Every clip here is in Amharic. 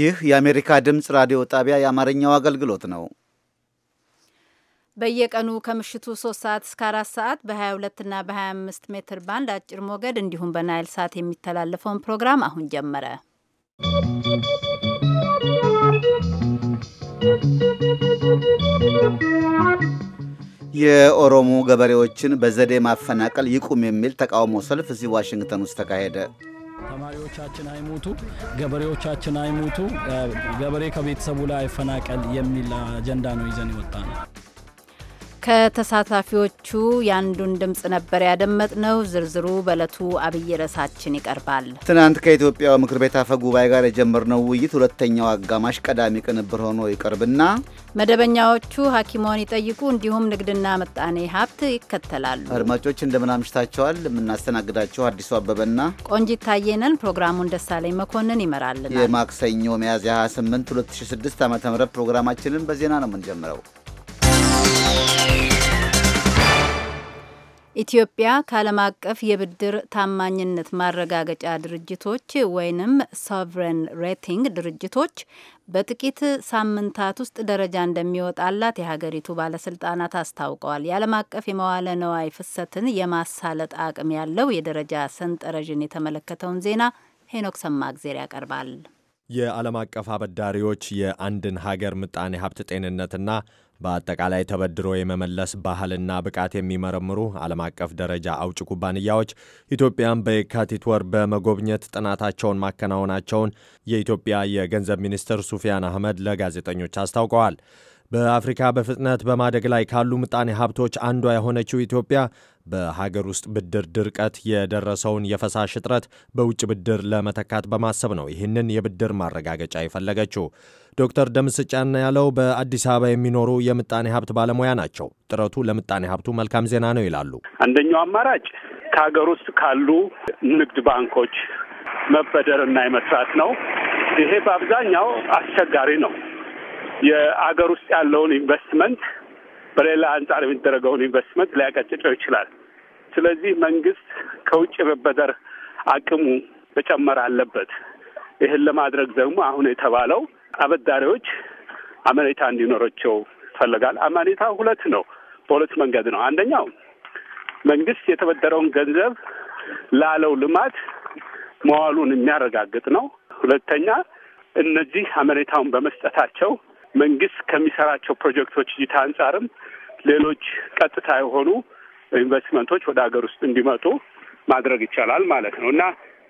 ይህ የአሜሪካ ድምፅ ራዲዮ ጣቢያ የአማርኛው አገልግሎት ነው። በየቀኑ ከምሽቱ 3 ሰዓት እስከ 4 ሰዓት በ22 እና በ25 ሜትር ባንድ አጭር ሞገድ እንዲሁም በናይል ሳት የሚተላለፈውን ፕሮግራም አሁን ጀመረ። የኦሮሞ ገበሬዎችን በዘዴ ማፈናቀል ይቁም የሚል ተቃውሞ ሰልፍ እዚህ ዋሽንግተን ውስጥ ተካሄደ። ተማሪዎቻችን አይሞቱ፣ ገበሬዎቻችን አይሞቱ፣ ገበሬ ከቤተሰቡ ላይ አይፈናቀል የሚል አጀንዳ ነው ይዘን ይወጣ ነው። ከተሳታፊዎቹ የአንዱን ድምፅ ነበር ያደመጥነው። ዝርዝሩ በዕለቱ አብይ ርዕሳችን ይቀርባል። ትናንት ከኢትዮጵያ ምክር ቤት አፈ ጉባኤ ጋር የጀመርነው ውይይት ሁለተኛው አጋማሽ ቀዳሚ ቅንብር ሆኖ ይቀርብና መደበኛዎቹ ሐኪሞን ይጠይቁ እንዲሁም ንግድና ምጣኔ ሀብት ይከተላሉ። አድማጮች እንደምን አምሽታቸዋል። አዲሱ አበበና ቆንጂት ታየነን። ፕሮግራሙን ደሳለኝ መኮንን ይመራልናል። የማክሰኞ ሚያዝያ 28 2006 ዓ ም ፕሮግራማችንን በዜና ነው የምንጀምረው። ኢትዮጵያ ከዓለም አቀፍ የብድር ታማኝነት ማረጋገጫ ድርጅቶች ወይንም ሶቨሬን ሬቲንግ ድርጅቶች በጥቂት ሳምንታት ውስጥ ደረጃ እንደሚወጣላት የሀገሪቱ ባለስልጣናት አስታውቀዋል። የዓለም አቀፍ የመዋለ ነዋይ ፍሰትን የማሳለጥ አቅም ያለው የደረጃ ሰንጠረዥን የተመለከተውን ዜና ሄኖክ ሰማእግዜር ያቀርባል። የዓለም አቀፍ አበዳሪዎች የአንድን ሀገር ምጣኔ ሀብት ጤንነትና በአጠቃላይ ተበድሮ የመመለስ ባህልና ብቃት የሚመረምሩ ዓለም አቀፍ ደረጃ አውጭ ኩባንያዎች ኢትዮጵያን በየካቲት ወር በመጎብኘት ጥናታቸውን ማከናወናቸውን የኢትዮጵያ የገንዘብ ሚኒስትር ሱፊያን አህመድ ለጋዜጠኞች አስታውቀዋል። በአፍሪካ በፍጥነት በማደግ ላይ ካሉ ምጣኔ ሀብቶች አንዷ የሆነችው ኢትዮጵያ በሀገር ውስጥ ብድር ድርቀት የደረሰውን የፈሳሽ እጥረት በውጭ ብድር ለመተካት በማሰብ ነው ይህንን የብድር ማረጋገጫ የፈለገችው። ዶክተር ደምስ ጫና ያለው በአዲስ አበባ የሚኖሩ የምጣኔ ሀብት ባለሙያ ናቸው። ጥረቱ ለምጣኔ ሀብቱ መልካም ዜና ነው ይላሉ። አንደኛው አማራጭ ከሀገር ውስጥ ካሉ ንግድ ባንኮች መበደርና የመስራት ነው። ይሄ በአብዛኛው አስቸጋሪ ነው። የአገር ውስጥ ያለውን ኢንቨስትመንት በሌላ አንጻር የሚደረገውን ኢንቨስትመንት ሊያቀጭጨው ይችላል። ስለዚህ መንግስት ከውጭ መበደር አቅሙ መጨመር አለበት። ይህን ለማድረግ ደግሞ አሁን የተባለው አበዳሪዎች አመኔታ እንዲኖራቸው ይፈልጋል። አመኔታ ሁለት ነው፣ በሁለት መንገድ ነው። አንደኛው መንግስት የተበደረውን ገንዘብ ላለው ልማት መዋሉን የሚያረጋግጥ ነው። ሁለተኛ እነዚህ አመኔታውን በመስጠታቸው መንግስት ከሚሰራቸው ፕሮጀክቶች እይታ አንጻርም ሌሎች ቀጥታ የሆኑ ኢንቨስትመንቶች ወደ ሀገር ውስጥ እንዲመጡ ማድረግ ይቻላል ማለት ነው እና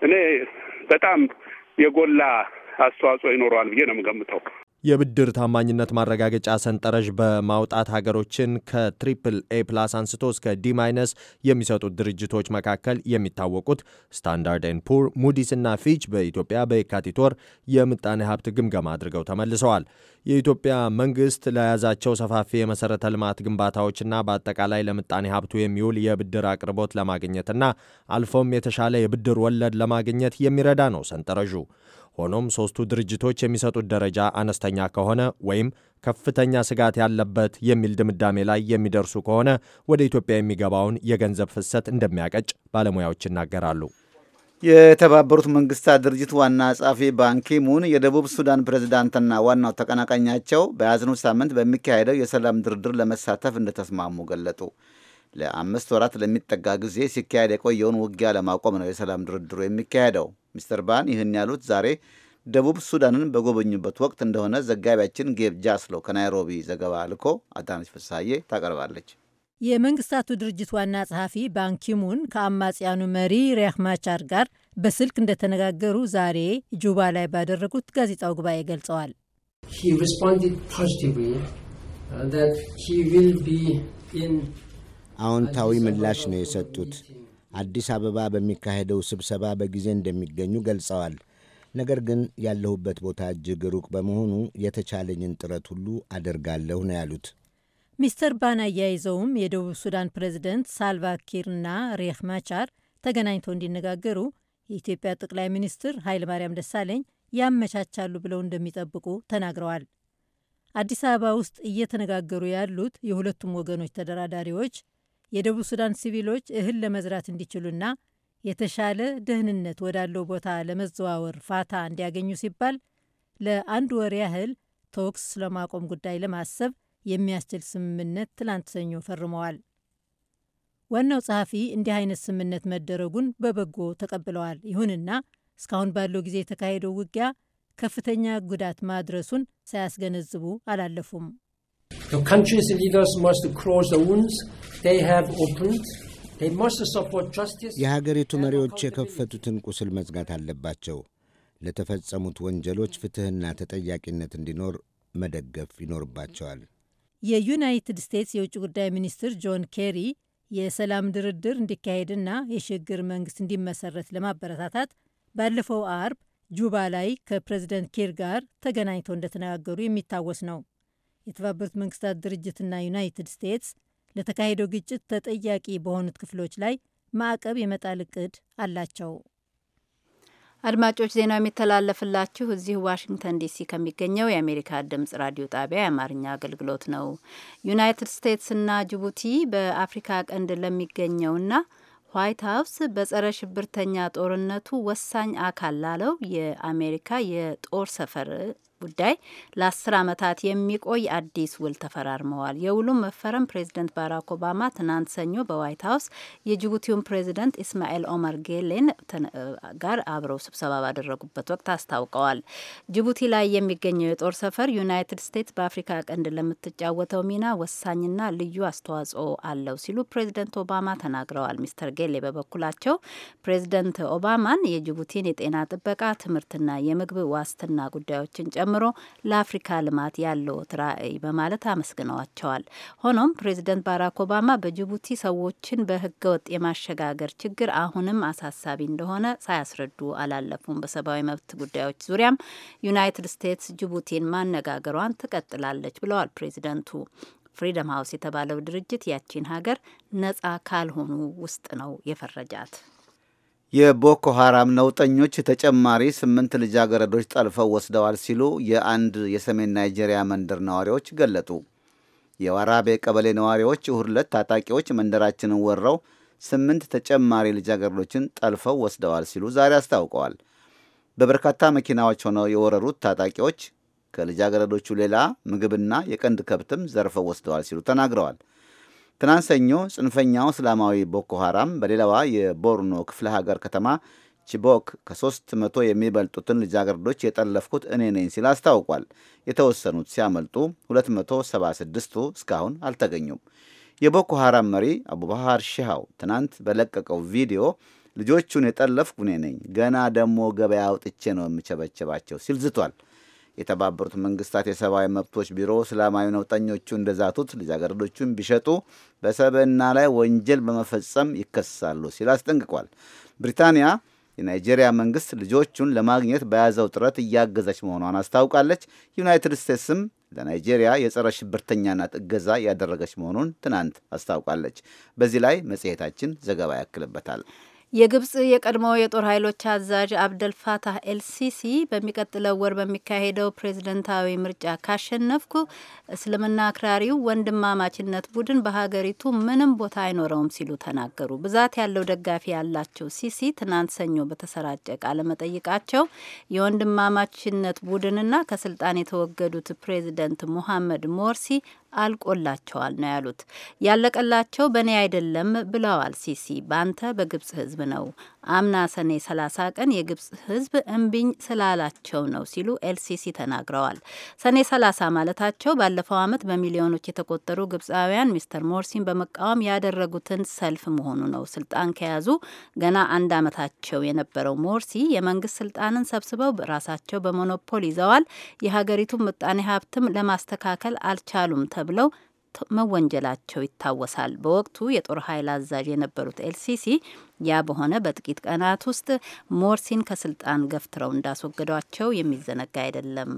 እኔ በጣም የጎላ አስተዋጽኦ ይኖረዋል ብዬ ነው የምገምተው። የብድር ታማኝነት ማረጋገጫ ሰንጠረዥ በማውጣት ሀገሮችን ከትሪፕል ኤ ፕላስ አንስቶ እስከ ዲ ማይነስ የሚሰጡት ድርጅቶች መካከል የሚታወቁት ስታንዳርድ ኤን ፑር፣ ሙዲስ እና ፊች በኢትዮጵያ በየካቲት ወር የምጣኔ ሀብት ግምገማ አድርገው ተመልሰዋል። የኢትዮጵያ መንግስት ለያዛቸው ሰፋፊ የመሰረተ ልማት ግንባታዎችና በአጠቃላይ ለምጣኔ ሀብቱ የሚውል የብድር አቅርቦት ለማግኘትና አልፎም የተሻለ የብድር ወለድ ለማግኘት የሚረዳ ነው ሰንጠረዡ። ሆኖም ሦስቱ ድርጅቶች የሚሰጡት ደረጃ አነስተኛ ከሆነ ወይም ከፍተኛ ስጋት ያለበት የሚል ድምዳሜ ላይ የሚደርሱ ከሆነ ወደ ኢትዮጵያ የሚገባውን የገንዘብ ፍሰት እንደሚያቀጭ ባለሙያዎች ይናገራሉ። የተባበሩት መንግስታት ድርጅት ዋና ጸሐፊ ባንኪሙን የደቡብ ሱዳን ፕሬዝዳንትና ዋናው ተቀናቃኛቸው በያዝኑ ሳምንት በሚካሄደው የሰላም ድርድር ለመሳተፍ እንደተስማሙ ገለጡ። ለአምስት ወራት ለሚጠጋ ጊዜ ሲካሄድ የቆየውን ውጊያ ለማቆም ነው የሰላም ድርድሩ የሚካሄደው። ሚስተር ባን ይህን ያሉት ዛሬ ደቡብ ሱዳንን በጎበኙበት ወቅት እንደሆነ ዘጋቢያችን ጌብ ጃስሎ ከናይሮቢ ዘገባ ልኮ አዳነች ፍሳዬ ታቀርባለች። የመንግስታቱ ድርጅት ዋና ጸሐፊ ባንኪሙን ከአማጽያኑ መሪ ሪያክ ማቻር ጋር በስልክ እንደተነጋገሩ ዛሬ ጁባ ላይ ባደረጉት ጋዜጣው ጉባኤ ገልጸዋል። ሂ ሪስፖንድድ አዎንታዊ ምላሽ ነው የሰጡት። አዲስ አበባ በሚካሄደው ስብሰባ በጊዜ እንደሚገኙ ገልጸዋል። ነገር ግን ያለሁበት ቦታ እጅግ ሩቅ በመሆኑ የተቻለኝን ጥረት ሁሉ አደርጋለሁ ነው ያሉት። ሚስተር ባን አያይዘውም የደቡብ ሱዳን ፕሬዝደንት ሳልቫ ኪርና ሪክ ማቻር ተገናኝተው እንዲነጋገሩ የኢትዮጵያ ጠቅላይ ሚኒስትር ኃይለማርያም ደሳለኝ ያመቻቻሉ ብለው እንደሚጠብቁ ተናግረዋል። አዲስ አበባ ውስጥ እየተነጋገሩ ያሉት የሁለቱም ወገኖች ተደራዳሪዎች የደቡብ ሱዳን ሲቪሎች እህል ለመዝራት እንዲችሉና የተሻለ ደህንነት ወዳለው ቦታ ለመዘዋወር ፋታ እንዲያገኙ ሲባል ለአንድ ወር ያህል ተኩስ ለማቆም ጉዳይ ለማሰብ የሚያስችል ስምምነት ትላንት ሰኞ ፈርመዋል። ዋናው ጸሐፊ እንዲህ አይነት ስምምነት መደረጉን በበጎ ተቀብለዋል። ይሁንና እስካሁን ባለው ጊዜ የተካሄደው ውጊያ ከፍተኛ ጉዳት ማድረሱን ሳያስገነዝቡ አላለፉም። The country's leaders must close the wounds they have opened. They must support justice. የሀገሪቱ መሪዎች የከፈቱትን ቁስል መዝጋት አለባቸው። ለተፈጸሙት ወንጀሎች ፍትሕና ተጠያቂነት እንዲኖር መደገፍ ይኖርባቸዋል። የዩናይትድ ስቴትስ የውጭ ጉዳይ ሚኒስትር ጆን ኬሪ የሰላም ድርድር እንዲካሄድና የሽግግር መንግስት እንዲመሰረት ለማበረታታት ባለፈው አርብ ጁባ ላይ ከፕሬዚደንት ኪር ጋር ተገናኝተው እንደተነጋገሩ የሚታወስ ነው። የተባበሩት መንግስታት ድርጅትና ዩናይትድ ስቴትስ ለተካሄደው ግጭት ተጠያቂ በሆኑት ክፍሎች ላይ ማዕቀብ የመጣል እቅድ አላቸው። አድማጮች ዜናው የሚተላለፍላችሁ እዚህ ዋሽንግተን ዲሲ ከሚገኘው የአሜሪካ ድምጽ ራዲዮ ጣቢያ የአማርኛ አገልግሎት ነው። ዩናይትድ ስቴትስና ጅቡቲ በአፍሪካ ቀንድ ለሚገኘውና ዋይት ሀውስ በጸረ ሽብርተኛ ጦርነቱ ወሳኝ አካል ላለው የአሜሪካ የጦር ሰፈር ጉዳይ ለአስር ዓመታት የሚቆይ አዲስ ውል ተፈራርመዋል። የውሉ መፈረም ፕሬዚደንት ባራክ ኦባማ ትናንት ሰኞ በዋይት ሀውስ የጅቡቲውን ፕሬዚደንት ኢስማኤል ኦመር ጌሌን ጋር አብረው ስብሰባ ባደረጉበት ወቅት አስታውቀዋል። ጅቡቲ ላይ የሚገኘው የጦር ሰፈር ዩናይትድ ስቴትስ በአፍሪካ ቀንድ ለምትጫወተው ሚና ወሳኝና ልዩ አስተዋጽኦ አለው ሲሉ ፕሬዚደንት ኦባማ ተናግረዋል። ሚስተር ጌሌ በበኩላቸው ፕሬዚደንት ኦባማን የጅቡቲን የጤና ጥበቃ፣ ትምህርትና የምግብ ዋስትና ጉዳዮችን ጨምሮ ጨምሮ ለአፍሪካ ልማት ያለው ራዕይ በማለት አመስግነዋቸዋል። ሆኖም ፕሬዚደንት ባራክ ኦባማ በጅቡቲ ሰዎችን በህገወጥ የማሸጋገር ችግር አሁንም አሳሳቢ እንደሆነ ሳያስረዱ አላለፉም። በሰብአዊ መብት ጉዳዮች ዙሪያም ዩናይትድ ስቴትስ ጅቡቲን ማነጋገሯን ትቀጥላለች ብለዋል ፕሬዚደንቱ። ፍሪደም ሀውስ የተባለው ድርጅት ያቺን ሀገር ነጻ ካልሆኑ ውስጥ ነው የፈረጃት። የቦኮ ሐራም ነውጠኞች ተጨማሪ ስምንት ልጃገረዶች ጠልፈው ወስደዋል ሲሉ የአንድ የሰሜን ናይጄሪያ መንደር ነዋሪዎች ገለጡ። የዋራቤ ቀበሌ ነዋሪዎች እሁድ ዕለት ታጣቂዎች መንደራችንን ወረው ስምንት ተጨማሪ ልጃገረዶችን ጠልፈው ወስደዋል ሲሉ ዛሬ አስታውቀዋል። በበርካታ መኪናዎች ሆነው የወረሩት ታጣቂዎች ከልጃገረዶቹ ሌላ ምግብና የቀንድ ከብትም ዘርፈው ወስደዋል ሲሉ ተናግረዋል። ትናንት ሰኞ ጽንፈኛው እስላማዊ ቦኮ ሃራም በሌላዋ የቦርኖ ክፍለ ሀገር ከተማ ቺቦክ ከሦስት መቶ የሚበልጡትን ልጃገረዶች የጠለፍኩት እኔ ነኝ ሲል አስታውቋል። የተወሰኑት ሲያመልጡ 276ቱ እስካሁን አልተገኙም። የቦኮ ሃራም መሪ አቡባሃር ሺሃው ትናንት በለቀቀው ቪዲዮ ልጆቹን የጠለፍኩ እኔ ነኝ፣ ገና ደግሞ ገበያ አውጥቼ ነው የምቸበቸባቸው ሲል ዝቷል። የተባበሩት መንግስታት የሰብአዊ መብቶች ቢሮ እስላማዊ ነውጠኞቹ እንደዛቱት ልጃገረዶቹን ቢሸጡ በሰብዕና ላይ ወንጀል በመፈጸም ይከሳሉ ሲል አስጠንቅቋል። ብሪታንያ የናይጄሪያ መንግስት ልጆቹን ለማግኘት በያዘው ጥረት እያገዘች መሆኗን አስታውቃለች። ዩናይትድ ስቴትስም ለናይጄሪያ የጸረ ሽብርተኛነት እገዛ እያደረገች መሆኑን ትናንት አስታውቃለች። በዚህ ላይ መጽሔታችን ዘገባ ያክልበታል። የግብጽ የቀድሞ የጦር ኃይሎች አዛዥ አብደል ኤልሲሲ በሚቀጥለው ወር በሚካሄደው ፕሬዝደንታዊ ምርጫ ካሸነፍኩ እስልምና አክራሪው ወንድማማችነት ቡድን በሀገሪቱ ምንም ቦታ አይኖረውም ሲሉ ተናገሩ። ብዛት ያለው ደጋፊ ያላቸው ሲሲ ትናንት ሰኞ በተሰራጨ ቃለ መጠይቃቸው የወንድማማችነት ቡድንና ከስልጣን የተወገዱት ፕሬዝደንት ሙሐመድ ሞርሲ አልቆላቸዋል ነው ያሉት። ያለቀላቸው በእኔ አይደለም ብለዋል ሲሲ። በአንተ በግብጽ ህዝብ ነው። አምና ሰኔ 30 ቀን የግብጽ ህዝብ እምቢኝ ስላላቸው ነው ሲሉ ኤልሲሲ ተናግረዋል። ሰኔ 30 ማለታቸው ባለፈው ዓመት በሚሊዮኖች የተቆጠሩ ግብፃውያን ሚስተር ሞርሲን በመቃወም ያደረጉትን ሰልፍ መሆኑ ነው። ስልጣን ከያዙ ገና አንድ ዓመታቸው የነበረው ሞርሲ የመንግስት ስልጣንን ሰብስበው ራሳቸው በሞኖፖል ይዘዋል፣ የሀገሪቱን ምጣኔ ሀብትም ለማስተካከል አልቻሉም ተብለው መወንጀላቸው ይታወሳል። በወቅቱ የጦር ኃይል አዛዥ የነበሩት ኤልሲሲ ያ በሆነ በጥቂት ቀናት ውስጥ ሞርሲን ከስልጣን ገፍትረው እንዳስወገዷቸው የሚዘነጋ አይደለም።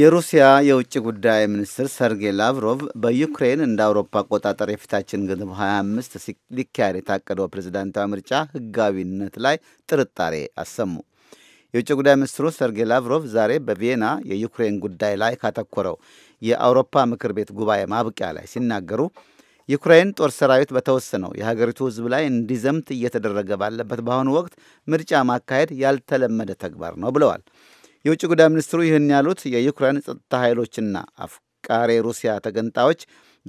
የሩሲያ የውጭ ጉዳይ ሚኒስትር ሰርጌይ ላቭሮቭ በዩክሬን እንደ አውሮፓ አቆጣጠር የፊታችን ግንቦት 25 ሊካሄድ የታቀደው ፕሬዚዳንታዊ ምርጫ ህጋዊነት ላይ ጥርጣሬ አሰሙ። የውጭ ጉዳይ ሚኒስትሩ ሰርጌይ ላቭሮቭ ዛሬ በቪየና የዩክሬን ጉዳይ ላይ ካተኮረው የአውሮፓ ምክር ቤት ጉባኤ ማብቂያ ላይ ሲናገሩ ዩክሬን ጦር ሰራዊት በተወሰነው የሀገሪቱ ሕዝብ ላይ እንዲዘምት እየተደረገ ባለበት በአሁኑ ወቅት ምርጫ ማካሄድ ያልተለመደ ተግባር ነው ብለዋል። የውጭ ጉዳይ ሚኒስትሩ ይህን ያሉት የዩክሬን ጸጥታ ኃይሎችና አፍቃሬ ሩሲያ ተገንጣዮች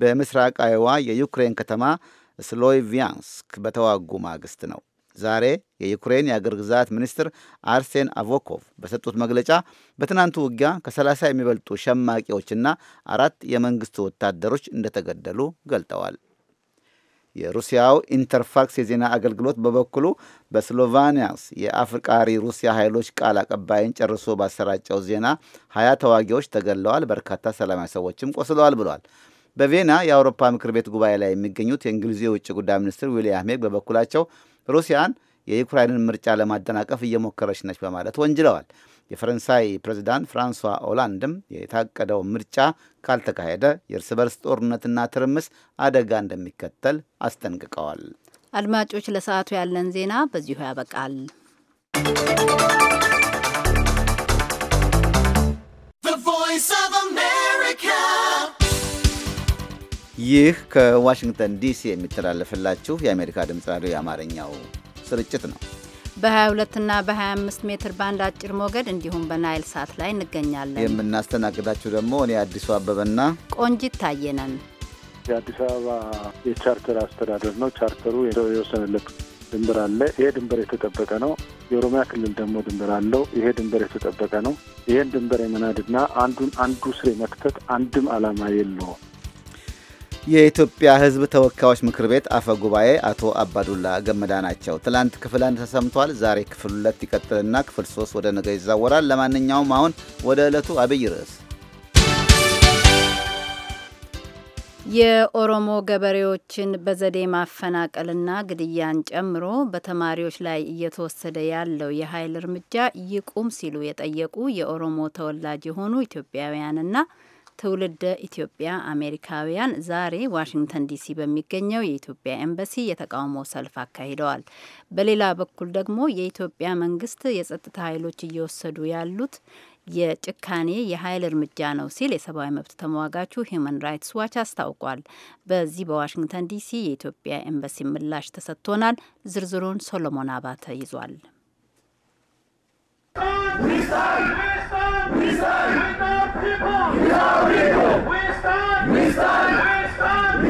በምስራቃዊዋ የዩክሬን ከተማ ስሎቪያንስክ በተዋጉ ማግስት ነው። ዛሬ የዩክሬን የአገር ግዛት ሚኒስትር አርሴን አቮኮቭ በሰጡት መግለጫ በትናንቱ ውጊያ ከ30 የሚበልጡ ሸማቂዎችና አራት የመንግስት ወታደሮች እንደተገደሉ ገልጠዋል። የሩሲያው ኢንተርፋክስ የዜና አገልግሎት በበኩሉ በስሎቫኒያስ የአፍቃሪ ሩሲያ ኃይሎች ቃል አቀባይን ጨርሶ ባሰራጨው ዜና ሀያ ተዋጊዎች ተገድለዋል፣ በርካታ ሰላማዊ ሰዎችም ቆስለዋል ብሏል። በቬና የአውሮፓ ምክር ቤት ጉባኤ ላይ የሚገኙት የእንግሊዝ የውጭ ጉዳይ ሚኒስትር ዊልያም ሄግ በበኩላቸው ሩሲያን የዩክራይንን ምርጫ ለማደናቀፍ እየሞከረች ነች በማለት ወንጅለዋል። የፈረንሳይ ፕሬዚዳንት ፍራንሷ ኦላንድም የታቀደው ምርጫ ካልተካሄደ የእርስ በርስ ጦርነትና ትርምስ አደጋ እንደሚከተል አስጠንቅቀዋል። አድማጮች፣ ለሰዓቱ ያለን ዜና በዚሁ ያበቃል። ይህ ከዋሽንግተን ዲሲ የሚተላለፍላችሁ የአሜሪካ ድምፅ ራዲዮ የአማርኛው ስርጭት ነው። በ22 እና በ25 ሜትር ባንድ አጭር ሞገድ እንዲሁም በናይል ሳት ላይ እንገኛለን። የምናስተናግዳችሁ ደግሞ እኔ አዲሱ አበበና ቆንጂት ታየ የአዲስ አበባ የቻርተር አስተዳደር ነው። ቻርተሩ የወሰነለት ድንበር አለ። ይሄ ድንበር የተጠበቀ ነው። የኦሮሚያ ክልል ደግሞ ድንበር አለው። ይሄ ድንበር የተጠበቀ ነው። ይሄን ድንበር የመናድና አንዱን አንዱ ስር መክተት አንድም ዓላማ የለውም። የኢትዮጵያ ሕዝብ ተወካዮች ምክር ቤት አፈ ጉባኤ አቶ አባዱላ ገመዳ ናቸው። ትላንት ክፍል አንድ ተሰምቷል። ዛሬ ክፍል ሁለት ይቀጥልና ክፍል ሶስት ወደ ነገ ይዛወራል። ለማንኛውም አሁን ወደ ዕለቱ አብይ ርዕስ የኦሮሞ ገበሬዎችን በዘዴ ማፈናቀልና ግድያን ጨምሮ በተማሪዎች ላይ እየተወሰደ ያለው የኃይል እርምጃ ይቁም ሲሉ የጠየቁ የኦሮሞ ተወላጅ የሆኑ ኢትዮጵያውያንና ትውልደ ኢትዮጵያ አሜሪካውያን ዛሬ ዋሽንግተን ዲሲ በሚገኘው የኢትዮጵያ ኤምባሲ የተቃውሞ ሰልፍ አካሂደዋል። በሌላ በኩል ደግሞ የኢትዮጵያ መንግስት የጸጥታ ኃይሎች እየወሰዱ ያሉት የጭካኔ የኃይል እርምጃ ነው ሲል የሰብአዊ መብት ተሟጋቹ ሂዩማን ራይትስ ዋች አስታውቋል። በዚህ በዋሽንግተን ዲሲ የኢትዮጵያ ኤምባሲ ምላሽ ተሰጥቶናል። ዝርዝሩን ሶሎሞን አባተ ይዟል። stand. We stand. We are We stand. We stand. We stand.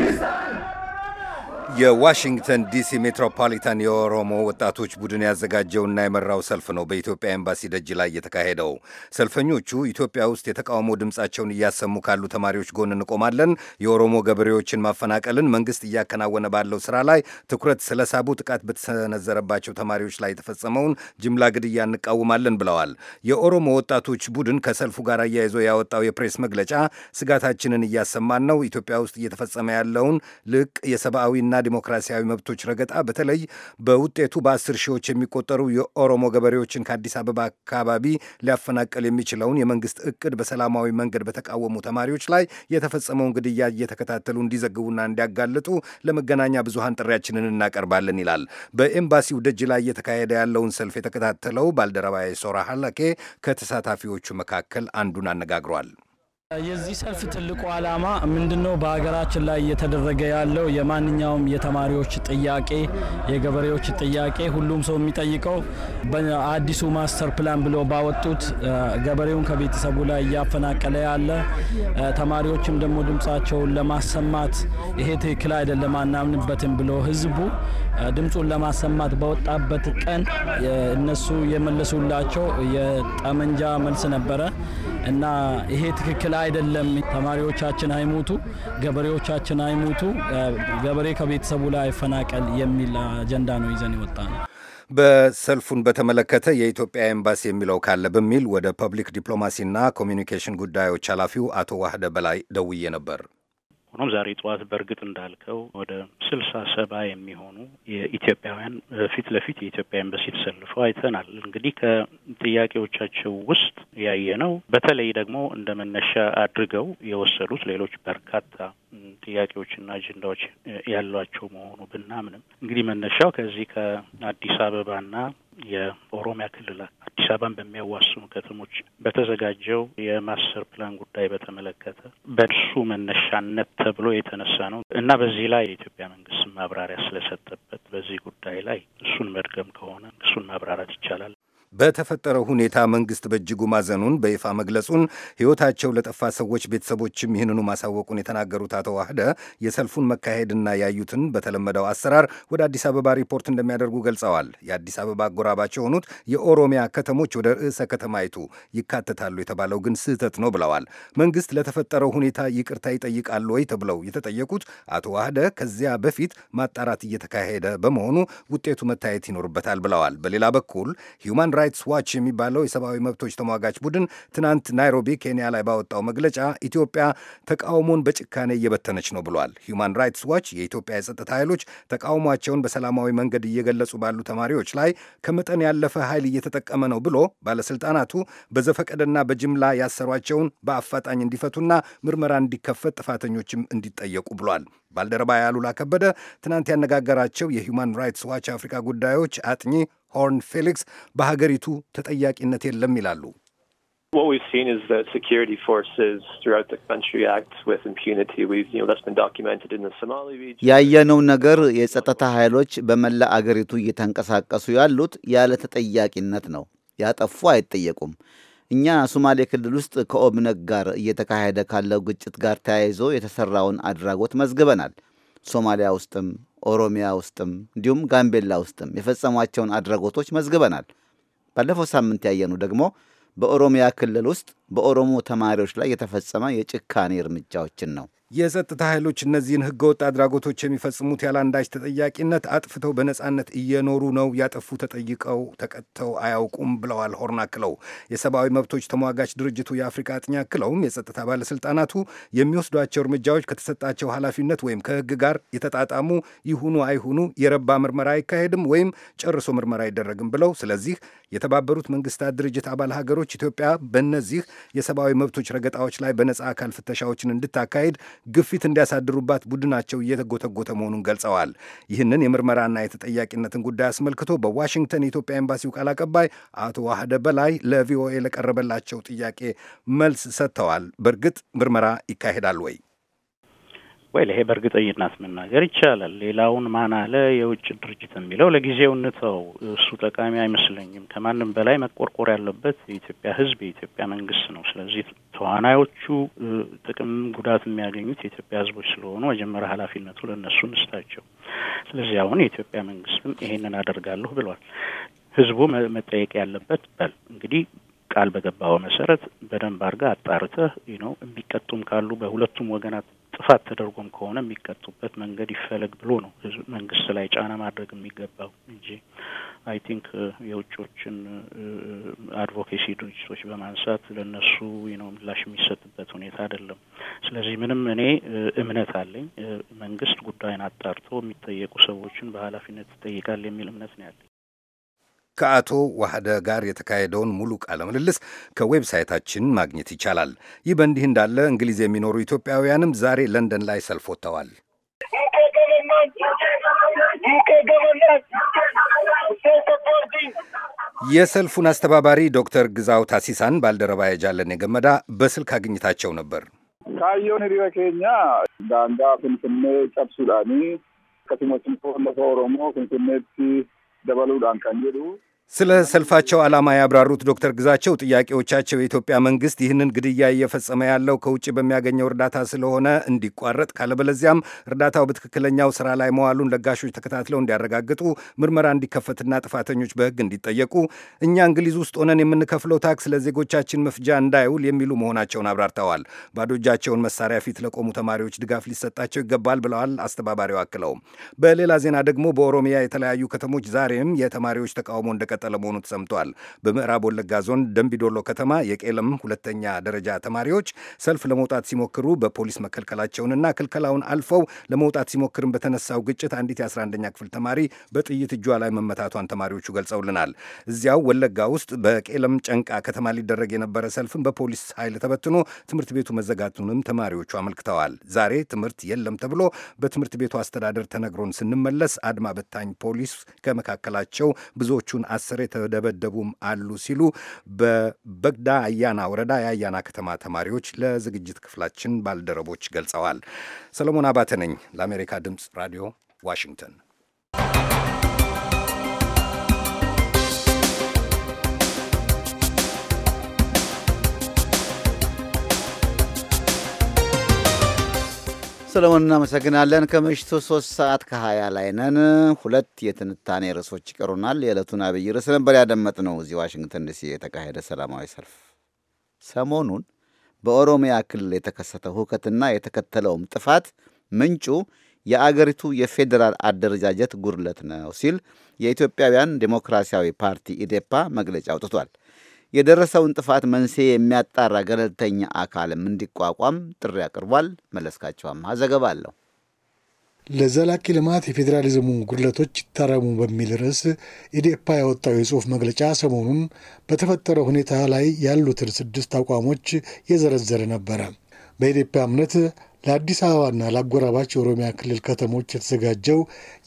የዋሽንግተን ዲሲ ሜትሮፖሊታን የኦሮሞ ወጣቶች ቡድን ያዘጋጀውና የመራው ሰልፍ ነው በኢትዮጵያ ኤምባሲ ደጅ ላይ የተካሄደው። ሰልፈኞቹ ኢትዮጵያ ውስጥ የተቃውሞ ድምፃቸውን እያሰሙ ካሉ ተማሪዎች ጎን እንቆማለን፣ የኦሮሞ ገበሬዎችን ማፈናቀልን መንግስት እያከናወነ ባለው ስራ ላይ ትኩረት ስለሳቡ ጥቃት በተሰነዘረባቸው ተማሪዎች ላይ የተፈጸመውን ጅምላ ግድያ እንቃወማለን ብለዋል። የኦሮሞ ወጣቶች ቡድን ከሰልፉ ጋር አያይዞ ያወጣው የፕሬስ መግለጫ ስጋታችንን እያሰማን ነው፣ ኢትዮጵያ ውስጥ እየተፈጸመ ያለውን ልቅ የሰብአዊና ዲሞክራሲያዊ መብቶች ረገጣ በተለይ በውጤቱ በአስር ሺዎች የሚቆጠሩ የኦሮሞ ገበሬዎችን ከአዲስ አበባ አካባቢ ሊያፈናቀል የሚችለውን የመንግስት እቅድ በሰላማዊ መንገድ በተቃወሙ ተማሪዎች ላይ የተፈጸመውን ግድያ እየተከታተሉ እንዲዘግቡና እንዲያጋልጡ ለመገናኛ ብዙሃን ጥሪያችንን እናቀርባለን ይላል። በኤምባሲው ደጅ ላይ እየተካሄደ ያለውን ሰልፍ የተከታተለው ባልደረባ የሶራ ሀላኬ ከተሳታፊዎቹ መካከል አንዱን አነጋግሯል። የዚህ ሰልፍ ትልቁ ዓላማ ምንድነው? በሀገራችን ላይ እየተደረገ ያለው የማንኛውም የተማሪዎች ጥያቄ፣ የገበሬዎች ጥያቄ ሁሉም ሰው የሚጠይቀው በአዲሱ ማስተር ፕላን ብሎ ባወጡት ገበሬውን ከቤተሰቡ ላይ እያፈናቀለ ያለ ተማሪዎችም ደግሞ ድምፃቸውን ለማሰማት ይሄ ትክክል አይደለም አናምንበትም ብሎ ህዝቡ ድምፁን ለማሰማት በወጣበት ቀን እነሱ የመለሱላቸው የጠመንጃ መልስ ነበረ እና ይሄ ትክክል ሌላ አይደለም ተማሪዎቻችን አይሞቱ፣ ገበሬዎቻችን አይሞቱ፣ ገበሬ ከቤተሰቡ ላይ አይፈናቀል የሚል አጀንዳ ነው ይዘን ይወጣ ነው። በሰልፉን በተመለከተ የኢትዮጵያ ኤምባሲ የሚለው ካለ በሚል ወደ ፐብሊክ ዲፕሎማሲና ኮሚኒኬሽን ጉዳዮች ኃላፊው አቶ ዋህደ በላይ ደውዬ ነበር። ሆኖም ዛሬ ጠዋት በእርግጥ እንዳልከው ወደ ስልሳ ሰባ የሚሆኑ የኢትዮጵያውያን ፊት ለፊት የኢትዮጵያ ኤምባሲ ተሰልፈው አይተናል። እንግዲህ ከጥያቄዎቻቸው ውስጥ ያየ ነው። በተለይ ደግሞ እንደ መነሻ አድርገው የወሰዱት ሌሎች በርካታ ጥያቄዎችና አጀንዳዎች ያሏቸው መሆኑ ብናምንም እንግዲህ መነሻው ከዚህ ከአዲስ አበባና የኦሮሚያ ክልል አዲስ አበባን በሚያዋስኑ ከተሞች በተዘጋጀው የማስተር ፕላን ጉዳይ በተመለከተ በእርሱ መነሻነት ተብሎ የተነሳ ነው እና በዚህ ላይ የኢትዮጵያ መንግስት ማብራሪያ ስለሰጠበት በዚህ ጉዳይ ላይ እሱን መድገም ከሆነ እሱን ማብራራት ይቻላል። በተፈጠረው ሁኔታ መንግስት በእጅጉ ማዘኑን በይፋ መግለጹን ሕይወታቸው ለጠፋ ሰዎች ቤተሰቦችም ይህንኑ ማሳወቁን የተናገሩት አቶ ዋህደ የሰልፉን መካሄድና ያዩትን በተለመደው አሰራር ወደ አዲስ አበባ ሪፖርት እንደሚያደርጉ ገልጸዋል። የአዲስ አበባ አጎራባች የሆኑት የኦሮሚያ ከተሞች ወደ ርዕሰ ከተማይቱ ይካተታሉ የተባለው ግን ስህተት ነው ብለዋል። መንግስት ለተፈጠረው ሁኔታ ይቅርታ ይጠይቃሉ ወይ ተብለው የተጠየቁት አቶ ዋህደ ከዚያ በፊት ማጣራት እየተካሄደ በመሆኑ ውጤቱ መታየት ይኖርበታል ብለዋል። በሌላ በኩል ሂውማን ራይትስ ዋች የሚባለው የሰብአዊ መብቶች ተሟጋች ቡድን ትናንት ናይሮቢ ኬንያ ላይ ባወጣው መግለጫ ኢትዮጵያ ተቃውሞን በጭካኔ እየበተነች ነው ብሏል። ሂውማን ራይትስ ዋች የኢትዮጵያ የጸጥታ ኃይሎች ተቃውሟቸውን በሰላማዊ መንገድ እየገለጹ ባሉ ተማሪዎች ላይ ከመጠን ያለፈ ኃይል እየተጠቀመ ነው ብሎ ባለስልጣናቱ በዘፈቀደና በጅምላ ያሰሯቸውን በአፋጣኝ እንዲፈቱና ምርመራ እንዲከፈት ጥፋተኞችም እንዲጠየቁ ብሏል። ባልደረባ ያሉላ ከበደ ትናንት ያነጋገራቸው የሁማን ራይትስ ዋች አፍሪካ ጉዳዮች አጥኚ ኦርን ፌሊክስ በሀገሪቱ ተጠያቂነት የለም ይላሉ። ያየነው ነገር የጸጥታ ኃይሎች በመላ አገሪቱ እየተንቀሳቀሱ ያሉት ያለ ተጠያቂነት ነው። ያጠፉ አይጠየቁም። እኛ ሶማሌ ክልል ውስጥ ከኦብነግ ጋር እየተካሄደ ካለው ግጭት ጋር ተያይዞ የተሰራውን አድራጎት መዝግበናል። ሶማሊያ ውስጥም ኦሮሚያ ውስጥም እንዲሁም ጋምቤላ ውስጥም የፈጸሟቸውን አድራጎቶች መዝግበናል። ባለፈው ሳምንት ያየኑ ደግሞ በኦሮሚያ ክልል ውስጥ በኦሮሞ ተማሪዎች ላይ የተፈጸመ የጭካኔ እርምጃዎችን ነው። የጸጥታ ኃይሎች እነዚህን ህገወጥ አድራጎቶች የሚፈጽሙት ያለ ተጠያቂነት አጥፍተው በነጻነት እየኖሩ ነው። ያጠፉ ተጠይቀው ተቀጥተው አያውቁም ብለዋል ሆርን አክለው። የሰብአዊ መብቶች ተሟጋች ድርጅቱ የአፍሪካ አጥኚ አክለውም የጸጥታ ባለስልጣናቱ የሚወስዷቸው እርምጃዎች ከተሰጣቸው ኃላፊነት ወይም ከህግ ጋር የተጣጣሙ ይሁኑ አይሁኑ፣ የረባ ምርመራ አይካሄድም ወይም ጨርሶ ምርመራ አይደረግም ብለው ስለዚህ የተባበሩት መንግስታት ድርጅት አባል ሀገሮች ኢትዮጵያ በእነዚህ የሰብአዊ መብቶች ረገጣዎች ላይ በነጻ አካል ፍተሻዎችን እንድታካሄድ ግፊት እንዲያሳድሩባት ቡድናቸው እየተጎተጎተ መሆኑን ገልጸዋል። ይህንን የምርመራና የተጠያቂነትን ጉዳይ አስመልክቶ በዋሽንግተን የኢትዮጵያ ኤምባሲው ቃል አቀባይ አቶ ዋህደ በላይ ለቪኦኤ ለቀረበላቸው ጥያቄ መልስ ሰጥተዋል። በእርግጥ ምርመራ ይካሄዳል ወይ? ወይ ይሄ በእርግጠኝነት መናገር ይቻላል። ሌላውን ማን አለ የውጭ ድርጅት የሚለው ለጊዜው እንተው፣ እሱ ጠቃሚ አይመስለኝም። ከማንም በላይ መቆርቆር ያለበት የኢትዮጵያ ሕዝብ የኢትዮጵያ መንግስት ነው። ስለዚህ ተዋናዮቹ ጥቅም ጉዳት የሚያገኙት የኢትዮጵያ ሕዝቦች ስለሆኑ መጀመሪያ ኃላፊነቱ ለእነሱ እንስታቸው። ስለዚህ አሁን የኢትዮጵያ መንግስትም ይሄንን አደርጋለሁ ብሏል። ሕዝቡ መጠየቅ ያለበት በል እንግዲህ ቃል በገባው መሰረት በደንብ አድርጋ አጣርተህ ነው። የሚቀጡም ካሉ በሁለቱም ወገናት ጥፋት ተደርጎም ከሆነ የሚቀጡበት መንገድ ይፈለግ ብሎ ነው መንግስት ላይ ጫና ማድረግ የሚገባው እንጂ አይ ቲንክ የውጮችን አድቮኬሲ ድርጅቶች በማንሳት ለእነሱ ነው ምላሽ የሚሰጥበት ሁኔታ አይደለም። ስለዚህ ምንም እኔ እምነት አለኝ መንግስት ጉዳይን አጣርቶ የሚጠየቁ ሰዎችን በኃላፊነት ይጠይቃል የሚል እምነት ነው ያለኝ። ከአቶ ዋህደ ጋር የተካሄደውን ሙሉ ቃለ ምልልስ ከዌብሳይታችን ማግኘት ይቻላል። ይህ በእንዲህ እንዳለ እንግሊዝ የሚኖሩ ኢትዮጵያውያንም ዛሬ ለንደን ላይ ሰልፍ ወጥተዋል። የሰልፉን አስተባባሪ ዶክተር ግዛው ታሲሳን ባልደረባ የጃለን የገመዳ በስልክ አግኝታቸው ነበር። ካየውን ሂሪረ ኬኛ ዳንዳ ፍንፍኔ ጨብሱዳኒ ከሲሞችን ፎለፈ ኦሮሞ ፍንፍኔቲ dabaluudhaan kan jedhu ስለ ሰልፋቸው ዓላማ ያብራሩት ዶክተር ግዛቸው ጥያቄዎቻቸው የኢትዮጵያ መንግስት ይህንን ግድያ እየፈጸመ ያለው ከውጭ በሚያገኘው እርዳታ ስለሆነ እንዲቋረጥ፣ ካለበለዚያም እርዳታው በትክክለኛው ስራ ላይ መዋሉን ለጋሾች ተከታትለው እንዲያረጋግጡ፣ ምርመራ እንዲከፈትና ጥፋተኞች በሕግ እንዲጠየቁ፣ እኛ እንግሊዝ ውስጥ ሆነን የምንከፍለው ታክስ ለዜጎቻችን መፍጃ እንዳይውል የሚሉ መሆናቸውን አብራርተዋል። ባዶ እጃቸውን መሳሪያ ፊት ለቆሙ ተማሪዎች ድጋፍ ሊሰጣቸው ይገባል ብለዋል። አስተባባሪው አክለው በሌላ ዜና ደግሞ በኦሮሚያ የተለያዩ ከተሞች ዛሬም የተማሪዎች ተቃውሞ እንደቀ እየቀጠለ መሆኑ ተሰምቷል። በምዕራብ ወለጋ ዞን ደንቢዶሎ ከተማ የቄለም ሁለተኛ ደረጃ ተማሪዎች ሰልፍ ለመውጣት ሲሞክሩ በፖሊስ መከልከላቸውንና ክልከላውን አልፈው ለመውጣት ሲሞክርን በተነሳው ግጭት አንዲት የ11ኛ ክፍል ተማሪ በጥይት እጇ ላይ መመታቷን ተማሪዎቹ ገልጸውልናል። እዚያው ወለጋ ውስጥ በቄለም ጨንቃ ከተማ ሊደረግ የነበረ ሰልፍም በፖሊስ ኃይል ተበትኖ ትምህርት ቤቱ መዘጋቱንም ተማሪዎቹ አመልክተዋል። ዛሬ ትምህርት የለም ተብሎ በትምህርት ቤቱ አስተዳደር ተነግሮን ስንመለስ አድማ በታኝ ፖሊስ ከመካከላቸው ብዙዎቹን ስር የተደበደቡም አሉ ሲሉ በበግዳ አያና ወረዳ የአያና ከተማ ተማሪዎች ለዝግጅት ክፍላችን ባልደረቦች ገልጸዋል። ሰለሞን አባተ ነኝ ለአሜሪካ ድምፅ ራዲዮ ዋሽንግተን። ሰለሞን እናመሰግናለን። ከምሽቱ ሶስት ሰዓት ከሀያ ላይ ነን። ሁለት የትንታኔ ርዕሶች ይቀሩናል። የዕለቱን አብይ ርዕስ ነበር ያደመጥነው። እዚህ ዋሽንግተን ዲሲ የተካሄደ ሰላማዊ ሰልፍ ሰሞኑን በኦሮሚያ ክልል የተከሰተው ሁከትና የተከተለውም ጥፋት ምንጩ የአገሪቱ የፌዴራል አደረጃጀት ጉድለት ነው ሲል የኢትዮጵያውያን ዴሞክራሲያዊ ፓርቲ ኢዴፓ መግለጫ አውጥቷል። የደረሰውን ጥፋት መንስኤ የሚያጣራ ገለልተኛ አካልም እንዲቋቋም ጥሪ አቅርቧል። መለስካቸው አምሃ ዘገባ አለው። ለዘላቂ ልማት የፌዴራሊዝሙ ጉድለቶች ይታረሙ በሚል ርዕስ ኢዴፓ ያወጣው የጽሑፍ መግለጫ ሰሞኑን በተፈጠረ ሁኔታ ላይ ያሉትን ስድስት አቋሞች የዘረዘረ ነበረ። በኢዴፓ እምነት ለአዲስ አበባና ለአጎራባች የኦሮሚያ ክልል ከተሞች የተዘጋጀው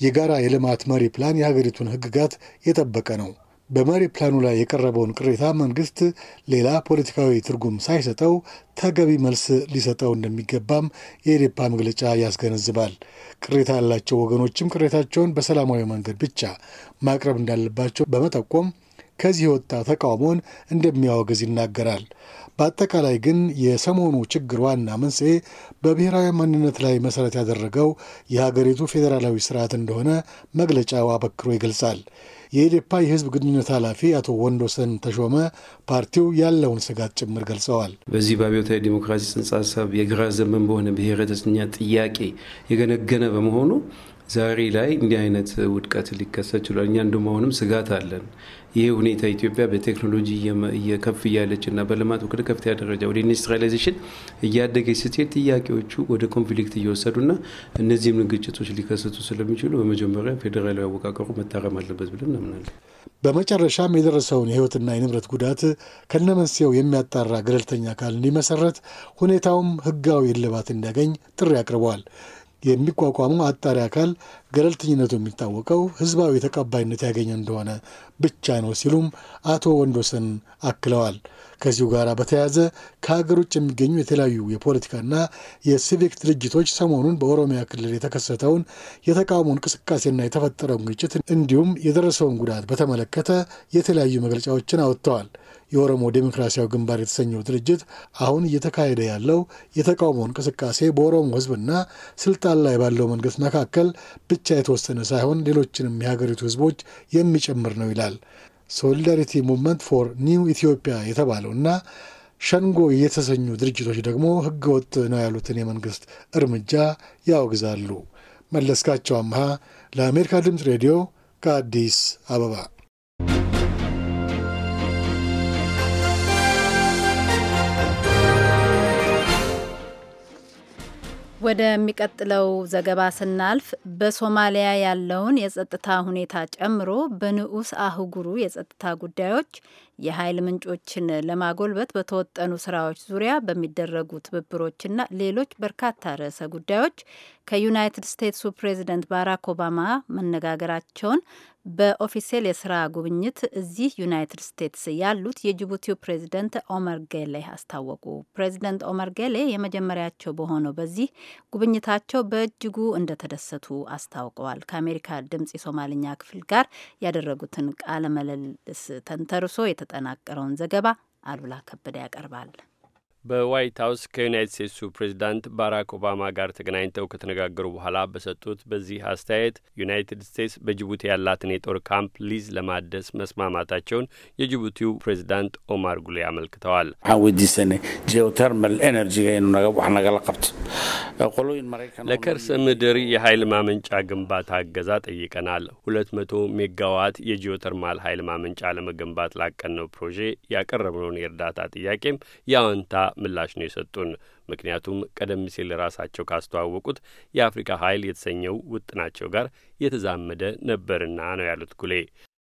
የጋራ የልማት መሪ ፕላን የሀገሪቱን ሕግጋት የጠበቀ ነው። በመሪ ፕላኑ ላይ የቀረበውን ቅሬታ መንግስት ሌላ ፖለቲካዊ ትርጉም ሳይሰጠው ተገቢ መልስ ሊሰጠው እንደሚገባም የኢዴፓ መግለጫ ያስገነዝባል። ቅሬታ ያላቸው ወገኖችም ቅሬታቸውን በሰላማዊ መንገድ ብቻ ማቅረብ እንዳለባቸው በመጠቆም ከዚህ የወጣ ተቃውሞን እንደሚያወግዝ ይናገራል። በአጠቃላይ ግን የሰሞኑ ችግር ዋና መንስኤ በብሔራዊ ማንነት ላይ መሠረት ያደረገው የሀገሪቱ ፌዴራላዊ ስርዓት እንደሆነ መግለጫው አበክሮ ይገልጻል። የኢዴፓ የህዝብ ግንኙነት ኃላፊ አቶ ወንዶሰን ተሾመ ፓርቲው ያለውን ስጋት ጭምር ገልጸዋል። በዚህ በአብዮታዊ ዲሞክራሲ ጽንሰ ሀሳብ የግራ ዘመን በሆነ ብሔረተኛ ጥያቄ የገነገነ በመሆኑ ዛሬ ላይ እንዲህ አይነት ውድቀት ሊከሰት ችሏል። እኛ አሁንም ስጋት አለን። ይህ ሁኔታ ኢትዮጵያ በቴክኖሎጂ እየከፍ እያለች እና በልማት ወደ ከፍተኛ ደረጃ ወደ ኢንዱስትሪላይዜሽን እያደገች ስትሄድ ጥያቄዎቹ ወደ ኮንፍሊክት እየወሰዱ ና እነዚህም ግጭቶች ሊከሰቱ ስለሚችሉ በመጀመሪያ ፌዴራላዊ አወቃቀሩ መታረም አለበት ብለን እናምናለን። በመጨረሻም የደረሰውን የህይወትና የንብረት ጉዳት ከነመንስኤው የሚያጣራ ገለልተኛ አካል እንዲመሰረት ሁኔታውም ህጋዊ እልባት እንዲያገኝ ጥሪ አቅርበዋል። የሚቋቋመው አጣሪ አካል ገለልተኝነቱ የሚታወቀው ህዝባዊ ተቀባይነት ያገኘ እንደሆነ ብቻ ነው ሲሉም አቶ ወንዶሰን አክለዋል። ከዚሁ ጋር በተያያዘ ከሀገር ውጭ የሚገኙ የተለያዩ የፖለቲካና የሲቪክ ድርጅቶች ሰሞኑን በኦሮሚያ ክልል የተከሰተውን የተቃውሞ እንቅስቃሴና የተፈጠረውን ግጭት እንዲሁም የደረሰውን ጉዳት በተመለከተ የተለያዩ መግለጫዎችን አወጥተዋል። የኦሮሞ ዴሞክራሲያዊ ግንባር የተሰኘው ድርጅት አሁን እየተካሄደ ያለው የተቃውሞ እንቅስቃሴ በኦሮሞ ህዝብና ስልጣን ላይ ባለው መንግስት መካከል ብቻ የተወሰነ ሳይሆን ሌሎችንም የሀገሪቱ ህዝቦች የሚጨምር ነው ይላል። ሶሊዳሪቲ ሙቭመንት ፎር ኒው ኢትዮጵያ እና ሸንጎ የተሰኙ ድርጅቶች ደግሞ ህገወጥ ነው ያሉትን የመንግስት እርምጃ ያወግዛሉ። መለስካቸው አምሃ ለአሜሪካ ድምፅ ሬዲዮ ከአዲስ አበባ ወደሚቀጥለው ዘገባ ስናልፍ በሶማሊያ ያለውን የጸጥታ ሁኔታ ጨምሮ በንዑስ አህጉሩ የጸጥታ ጉዳዮች የኃይል ምንጮችን ለማጎልበት በተወጠኑ ስራዎች ዙሪያ በሚደረጉ ትብብሮችና ሌሎች በርካታ ርዕሰ ጉዳዮች ከዩናይትድ ስቴትሱ ፕሬዚደንት ባራክ ኦባማ መነጋገራቸውን በኦፊሴል የስራ ጉብኝት እዚህ ዩናይትድ ስቴትስ ያሉት የጅቡቲው ፕሬዚደንት ኦመር ጌሌ አስታወቁ። ፕሬዚደንት ኦመር ጌሌ የመጀመሪያቸው በሆነው በዚህ ጉብኝታቸው በእጅጉ እንደተደሰቱ አስታውቀዋል። ከአሜሪካ ድምጽ የሶማልኛ ክፍል ጋር ያደረጉትን ቃለ ምልልስ ተንተርሶ የተጠናቀረውን ዘገባ አሉላ ከበደ ያቀርባል። በዋይት ሀውስ ከዩናይት ስቴትሱ ፕሬዚዳንት ባራክ ኦባማ ጋር ተገናኝተው ከተነጋገሩ በኋላ በሰጡት በዚህ አስተያየት ዩናይትድ ስቴትስ በጅቡቲ ያላትን የጦር ካምፕ ሊዝ ለማደስ መስማማታቸውን የጅቡቲው ፕሬዚዳንት ኦማር ጉሌ አመልክተዋል። ለከርሰ ምድር የኃይል ማመንጫ ግንባታ እገዛ ጠይቀናል። ሁለት መቶ ሜጋዋት የጂኦተርማል ኃይል ማመንጫ ለመገንባት ላቀነው ፕሮጄ ያቀረብነውን የእርዳታ ጥያቄም ያወንታ ምላሽ ነው የሰጡን። ምክንያቱም ቀደም ሲል ራሳቸው ካስተዋወቁት የአፍሪካ ኃይል የተሰኘው ውጥናቸው ጋር የተዛመደ ነበርና ነው ያሉት ጉሌ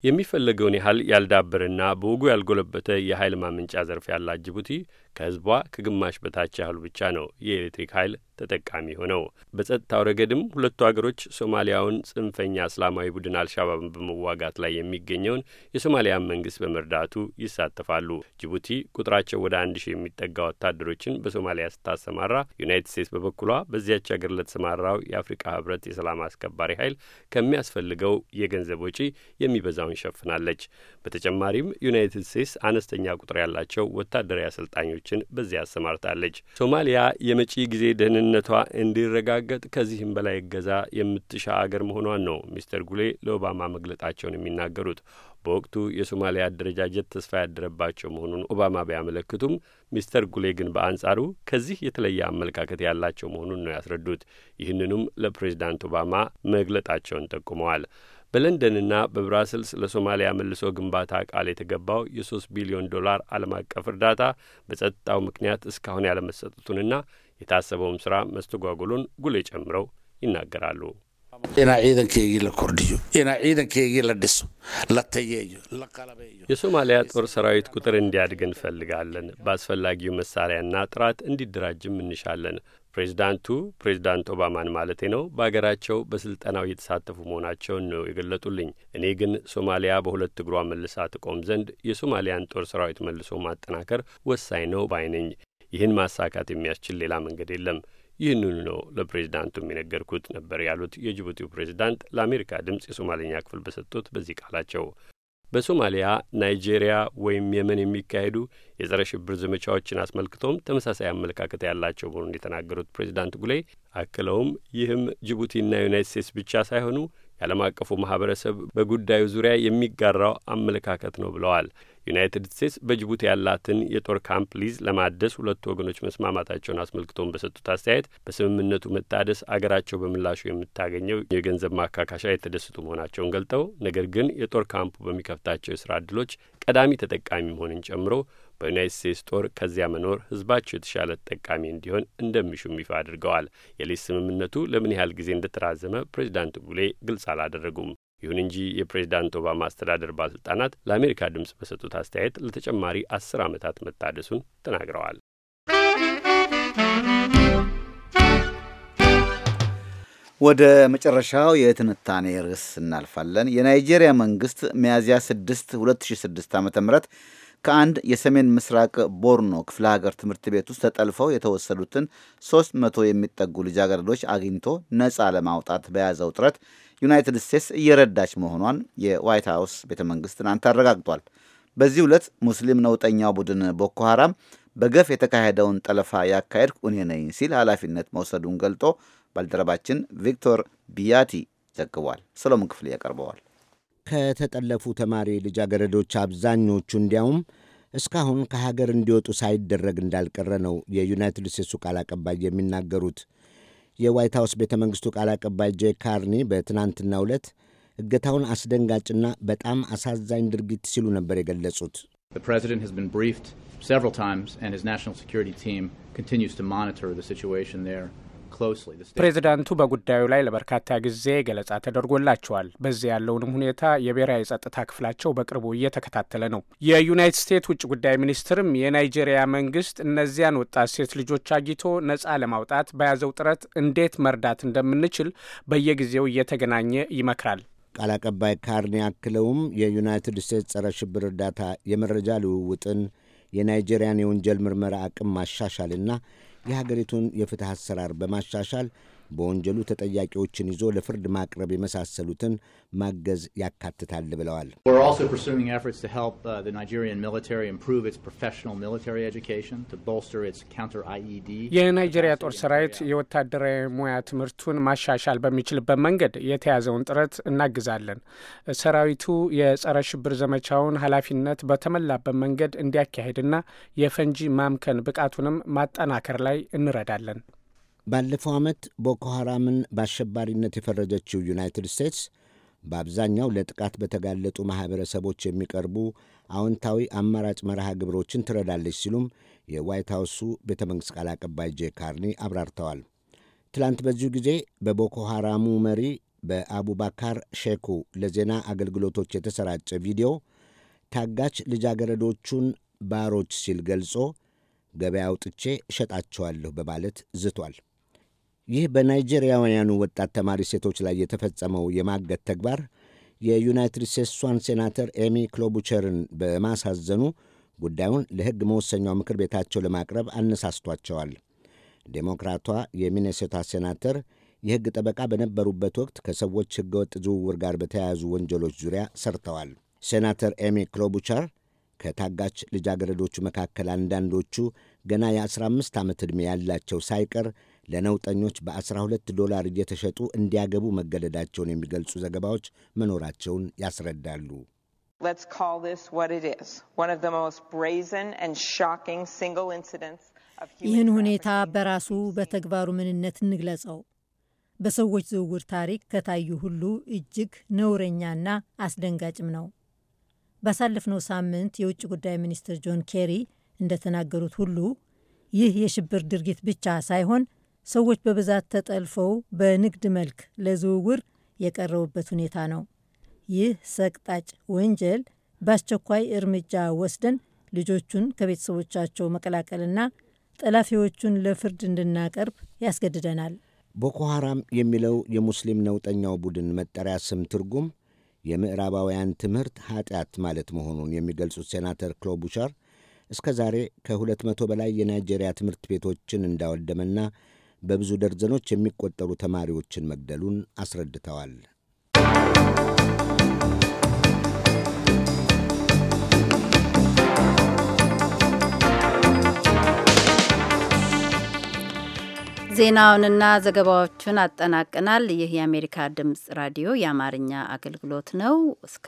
የሚፈለገውን ያህል ያልዳበርና በወጉ ያልጎለበተ የኃይል ማመንጫ ዘርፍ ያላት ጅቡቲ ከህዝቧ ከግማሽ በታች ያህሉ ብቻ ነው የኤሌክትሪክ ኃይል ተጠቃሚ ሆነው በጸጥታው ረገድም ሁለቱ አገሮች ሶማሊያውን ጽንፈኛ እስላማዊ ቡድን አልሻባብን በመዋጋት ላይ የሚገኘውን የሶማሊያን መንግስት በመርዳቱ ይሳተፋሉ። ጅቡቲ ቁጥራቸው ወደ አንድ ሺህ የሚጠጋ ወታደሮችን በሶማሊያ ስታሰማራ፣ ዩናይትድ ስቴትስ በበኩሏ በዚያች አገር ለተሰማራው የአፍሪቃ ህብረት የሰላም አስከባሪ ኃይል ከሚያስፈልገው የገንዘብ ወጪ የሚበዛውን ሸፍናለች። በተጨማሪም ዩናይትድ ስቴትስ አነስተኛ ቁጥር ያላቸው ወታደራዊ አሰልጣኞችን በዚያ አሰማርታለች። ሶማሊያ የመጪ ጊዜ ደህንን ደህንነቷ እንዲረጋገጥ ከዚህም በላይ እገዛ የምትሻ አገር መሆኗን ነው ሚስተር ጉሌ ለኦባማ መግለጣቸውን የሚናገሩት። በወቅቱ የሶማሊያ አደረጃጀት ተስፋ ያደረባቸው መሆኑን ኦባማ ቢያመለክቱም ሚስተር ጉሌ ግን በአንጻሩ ከዚህ የተለየ አመለካከት ያላቸው መሆኑን ነው ያስረዱት። ይህንኑም ለፕሬዚዳንት ኦባማ መግለጣቸውን ጠቁመዋል። በለንደንና በብራስልስ ለሶማሊያ መልሶ ግንባታ ቃል የተገባው የሶስት ቢሊዮን ዶላር ዓለም አቀፍ እርዳታ በጸጥታው ምክንያት እስካሁን ያለመሰጠቱንና የታሰበውም ስራ መስተጓጉሉን ጉሌ ጨምረው ይናገራሉ። የሶማሊያ ጦር ሰራዊት ቁጥር እንዲያድግ እንፈልጋለን። በአስፈላጊው መሳሪያና ጥራት እንዲደራጅም እንሻለን። ፕሬዚዳንቱ ፕሬዚዳንት ኦባማን ማለቴ ነው በአገራቸው በስልጠናው እየተሳተፉ መሆናቸውን ነው የገለጡልኝ። እኔ ግን ሶማሊያ በሁለት እግሯ መልሳ ትቆም ዘንድ የሶማሊያን ጦር ሰራዊት መልሶ ማጠናከር ወሳኝ ነው ባይነኝ። ይህን ማሳካት የሚያስችል ሌላ መንገድ የለም። ይህንኑ ነው ለፕሬዚዳንቱም የነገርኩት ነበር ያሉት የጅቡቲው ፕሬዚዳንት ለአሜሪካ ድምፅ የሶማሌኛ ክፍል በሰጡት በዚህ ቃላቸው በሶማሊያ፣ ናይጄሪያ ወይም የመን የሚካሄዱ የጸረ ሽብር ዘመቻዎችን አስመልክቶም ተመሳሳይ አመለካከት ያላቸው መሆኑን የተናገሩት ፕሬዚዳንት ጉሌ አክለውም ይህም ጅቡቲና ዩናይት ስቴትስ ብቻ ሳይሆኑ የዓለም አቀፉ ማህበረሰብ በጉዳዩ ዙሪያ የሚጋራው አመለካከት ነው ብለዋል። ዩናይትድ ስቴትስ በጅቡቲ ያላትን የጦር ካምፕ ሊዝ ለማደስ ሁለቱ ወገኖች መስማማታቸውን አስመልክቶን በሰጡት አስተያየት በስምምነቱ መታደስ አገራቸው በምላሹ የምታገኘው የገንዘብ ማካካሻ የተደሰቱ መሆናቸውን ገልጠው ነገር ግን የጦር ካምፑ በሚከፍታቸው የስራ እድሎች ቀዳሚ ተጠቃሚ መሆንን ጨምሮ በዩናይት ስቴትስ ጦር ከዚያ መኖር ህዝባቸው የተሻለ ተጠቃሚ እንዲሆን እንደሚሹም ይፋ አድርገዋል። የሊዝ ስምምነቱ ለምን ያህል ጊዜ እንደተራዘመ ፕሬዚዳንት ጉሌ ግልጽ አላደረጉም። ይሁን እንጂ የፕሬዚዳንት ኦባማ አስተዳደር ባለሥልጣናት ለአሜሪካ ድምፅ በሰጡት አስተያየት ለተጨማሪ አስር ዓመታት መታደሱን ተናግረዋል። ወደ መጨረሻው የትንታኔ ርዕስ እናልፋለን። የናይጄሪያ መንግሥት ሚያዝያ 6 2006 ዓ ም ከአንድ የሰሜን ምስራቅ ቦርኖ ክፍለ ሀገር ትምህርት ቤት ውስጥ ተጠልፈው የተወሰዱትን 300 የሚጠጉ ልጃገረዶች አግኝቶ ነፃ ለማውጣት በያዘው ጥረት ዩናይትድ ስቴትስ እየረዳች መሆኗን የዋይት ሀውስ ቤተ መንግስት ትናንት አረጋግጧል። በዚህ ዕለት ሙስሊም ነውጠኛው ቡድን ቦኮ በገፍ የተካሄደውን ጠለፋ ያካሄድኩ እኔ ነኝ ሲል ኃላፊነት መውሰዱን ገልጦ ባልደረባችን ቪክቶር ቢያቲ ዘግቧል። ሰሎሞን ክፍሌ ያቀርበዋል። ከተጠለፉ ተማሪ ልጃገረዶች አብዛኞቹ እንዲያውም እስካሁን ከሀገር እንዲወጡ ሳይደረግ እንዳልቀረ ነው የዩናይትድ ስቴትሱ ቃል አቀባይ የሚናገሩት። የዋይት ሀውስ ቤተ መንግሥቱ ቃል አቀባይ ጄ ካርኒ በትናንትና ዕለት እገታውን አስደንጋጭና በጣም አሳዛኝ ድርጊት ሲሉ ነበር የገለጹት። ፕሬዚዳንቱ በጉዳዩ ላይ ለበርካታ ጊዜ ገለጻ ተደርጎላቸዋል። በዚህ ያለውንም ሁኔታ የብሔራዊ ጸጥታ ክፍላቸው በቅርቡ እየተከታተለ ነው። የዩናይትድ ስቴትስ ውጭ ጉዳይ ሚኒስትርም የናይጄሪያ መንግስት እነዚያን ወጣት ሴት ልጆች አግኝቶ ነጻ ለማውጣት በያዘው ጥረት እንዴት መርዳት እንደምንችል በየጊዜው እየተገናኘ ይመክራል። ቃል አቀባይ ካርኒ አክለውም የዩናይትድ ስቴትስ ጸረ ሽብር እርዳታ የመረጃ ልውውጥን፣ የናይጄሪያን የወንጀል ምርመራ አቅም ማሻሻልና የሀገሪቱን የፍትህ አሰራር በማሻሻል በወንጀሉ ተጠያቂዎችን ይዞ ለፍርድ ማቅረብ የመሳሰሉትን ማገዝ ያካትታል ብለዋል። uh, e የናይጄሪያ ጦር ሰራዊት የወታደራዊ ሙያ ትምህርቱን ማሻሻል በሚችልበት መንገድ የተያዘውን ጥረት እናግዛለን። ሰራዊቱ የጸረ ሽብር ዘመቻውን ኃላፊነት በተሞላበት መንገድ እንዲያካሄድና የፈንጂ ማምከን ብቃቱንም ማጠናከር ላይ እንረዳለን። ባለፈው ዓመት ቦኮ ሐራምን በአሸባሪነት የፈረጀችው ዩናይትድ ስቴትስ በአብዛኛው ለጥቃት በተጋለጡ ማኅበረሰቦች የሚቀርቡ አዎንታዊ አማራጭ መርሃ ግብሮችን ትረዳለች ሲሉም የዋይት ሐውሱ ቤተ መንግሥት ቃል አቀባይ ጄ ካርኒ አብራርተዋል። ትላንት በዚሁ ጊዜ በቦኮ ሐራሙ መሪ በአቡባካር ሼኩ ለዜና አገልግሎቶች የተሰራጨ ቪዲዮ ታጋች ልጃገረዶቹን ባሮች ሲል ገልጾ ገበያ አውጥቼ እሸጣቸዋለሁ በማለት ዝቷል። ይህ በናይጄሪያውያኑ ወጣት ተማሪ ሴቶች ላይ የተፈጸመው የማገት ተግባር የዩናይትድ ስቴትሷን ሴናተር ኤሚ ክሎቡቸርን በማሳዘኑ ጉዳዩን ለሕግ መወሰኛው ምክር ቤታቸው ለማቅረብ አነሳስቷቸዋል። ዴሞክራቷ የሚኔሶታ ሴናተር የሕግ ጠበቃ በነበሩበት ወቅት ከሰዎች ሕገወጥ ዝውውር ጋር በተያያዙ ወንጀሎች ዙሪያ ሰርተዋል። ሴናተር ኤሚ ክሎቡቸር ከታጋች ልጃገረዶቹ መካከል አንዳንዶቹ ገና የ15 ዓመት ዕድሜ ያላቸው ሳይቀር ለነውጠኞች በ12 ዶላር እየተሸጡ እንዲያገቡ መገደዳቸውን የሚገልጹ ዘገባዎች መኖራቸውን ያስረዳሉ። ይህን ሁኔታ በራሱ በተግባሩ ምንነት እንግለጸው። በሰዎች ዝውውር ታሪክ ከታዩ ሁሉ እጅግ ነውረኛና አስደንጋጭም ነው። ባሳለፍነው ሳምንት የውጭ ጉዳይ ሚኒስትር ጆን ኬሪ እንደተናገሩት ሁሉ ይህ የሽብር ድርጊት ብቻ ሳይሆን ሰዎች በብዛት ተጠልፈው በንግድ መልክ ለዝውውር የቀረቡበት ሁኔታ ነው። ይህ ሰቅጣጭ ወንጀል በአስቸኳይ እርምጃ ወስደን ልጆቹን ከቤተሰቦቻቸው መቀላቀልና ጠላፊዎቹን ለፍርድ እንድናቀርብ ያስገድደናል። ቦኮ ሐራም የሚለው የሙስሊም ነውጠኛው ቡድን መጠሪያ ስም ትርጉም የምዕራባውያን ትምህርት ኃጢአት ማለት መሆኑን የሚገልጹት ሴናተር ክሎቡሻር እስከ ዛሬ ከሁለት መቶ በላይ የናይጄሪያ ትምህርት ቤቶችን እንዳወደመና በብዙ ደርዘኖች የሚቆጠሩ ተማሪዎችን መግደሉን አስረድተዋል። ዜናውንና ዘገባዎቹን አጠናቅናል። ይህ የአሜሪካ ድምጽ ራዲዮ የአማርኛ አገልግሎት ነው። እስከ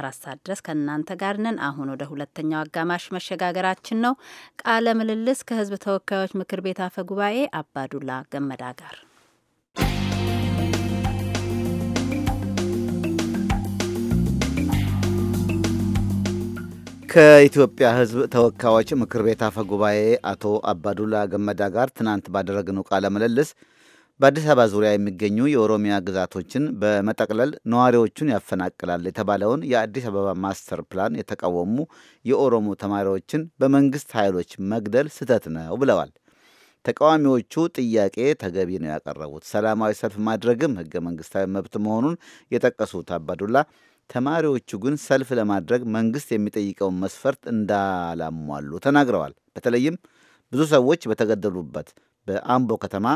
አራት ሰዓት ድረስ ከእናንተ ጋር ነን። አሁን ወደ ሁለተኛው አጋማሽ መሸጋገራችን ነው። ቃለ ምልልስ ከህዝብ ተወካዮች ምክር ቤት አፈ ጉባኤ አባዱላ ገመዳ ጋር ከኢትዮጵያ ሕዝብ ተወካዮች ምክር ቤት አፈ ጉባኤ አቶ አባዱላ ገመዳ ጋር ትናንት ባደረግነው ቃለ ምልልስ በአዲስ አበባ ዙሪያ የሚገኙ የኦሮሚያ ግዛቶችን በመጠቅለል ነዋሪዎቹን ያፈናቅላል የተባለውን የአዲስ አበባ ማስተር ፕላን የተቃወሙ የኦሮሞ ተማሪዎችን በመንግስት ኃይሎች መግደል ስህተት ነው ብለዋል። ተቃዋሚዎቹ ጥያቄ ተገቢ ነው ያቀረቡት ሰላማዊ ሰልፍ ማድረግም ህገ መንግስታዊ መብት መሆኑን የጠቀሱት አባዱላ ተማሪዎቹ ግን ሰልፍ ለማድረግ መንግስት የሚጠይቀውን መስፈርት እንዳላሟሉ ተናግረዋል። በተለይም ብዙ ሰዎች በተገደሉበት በአምቦ ከተማ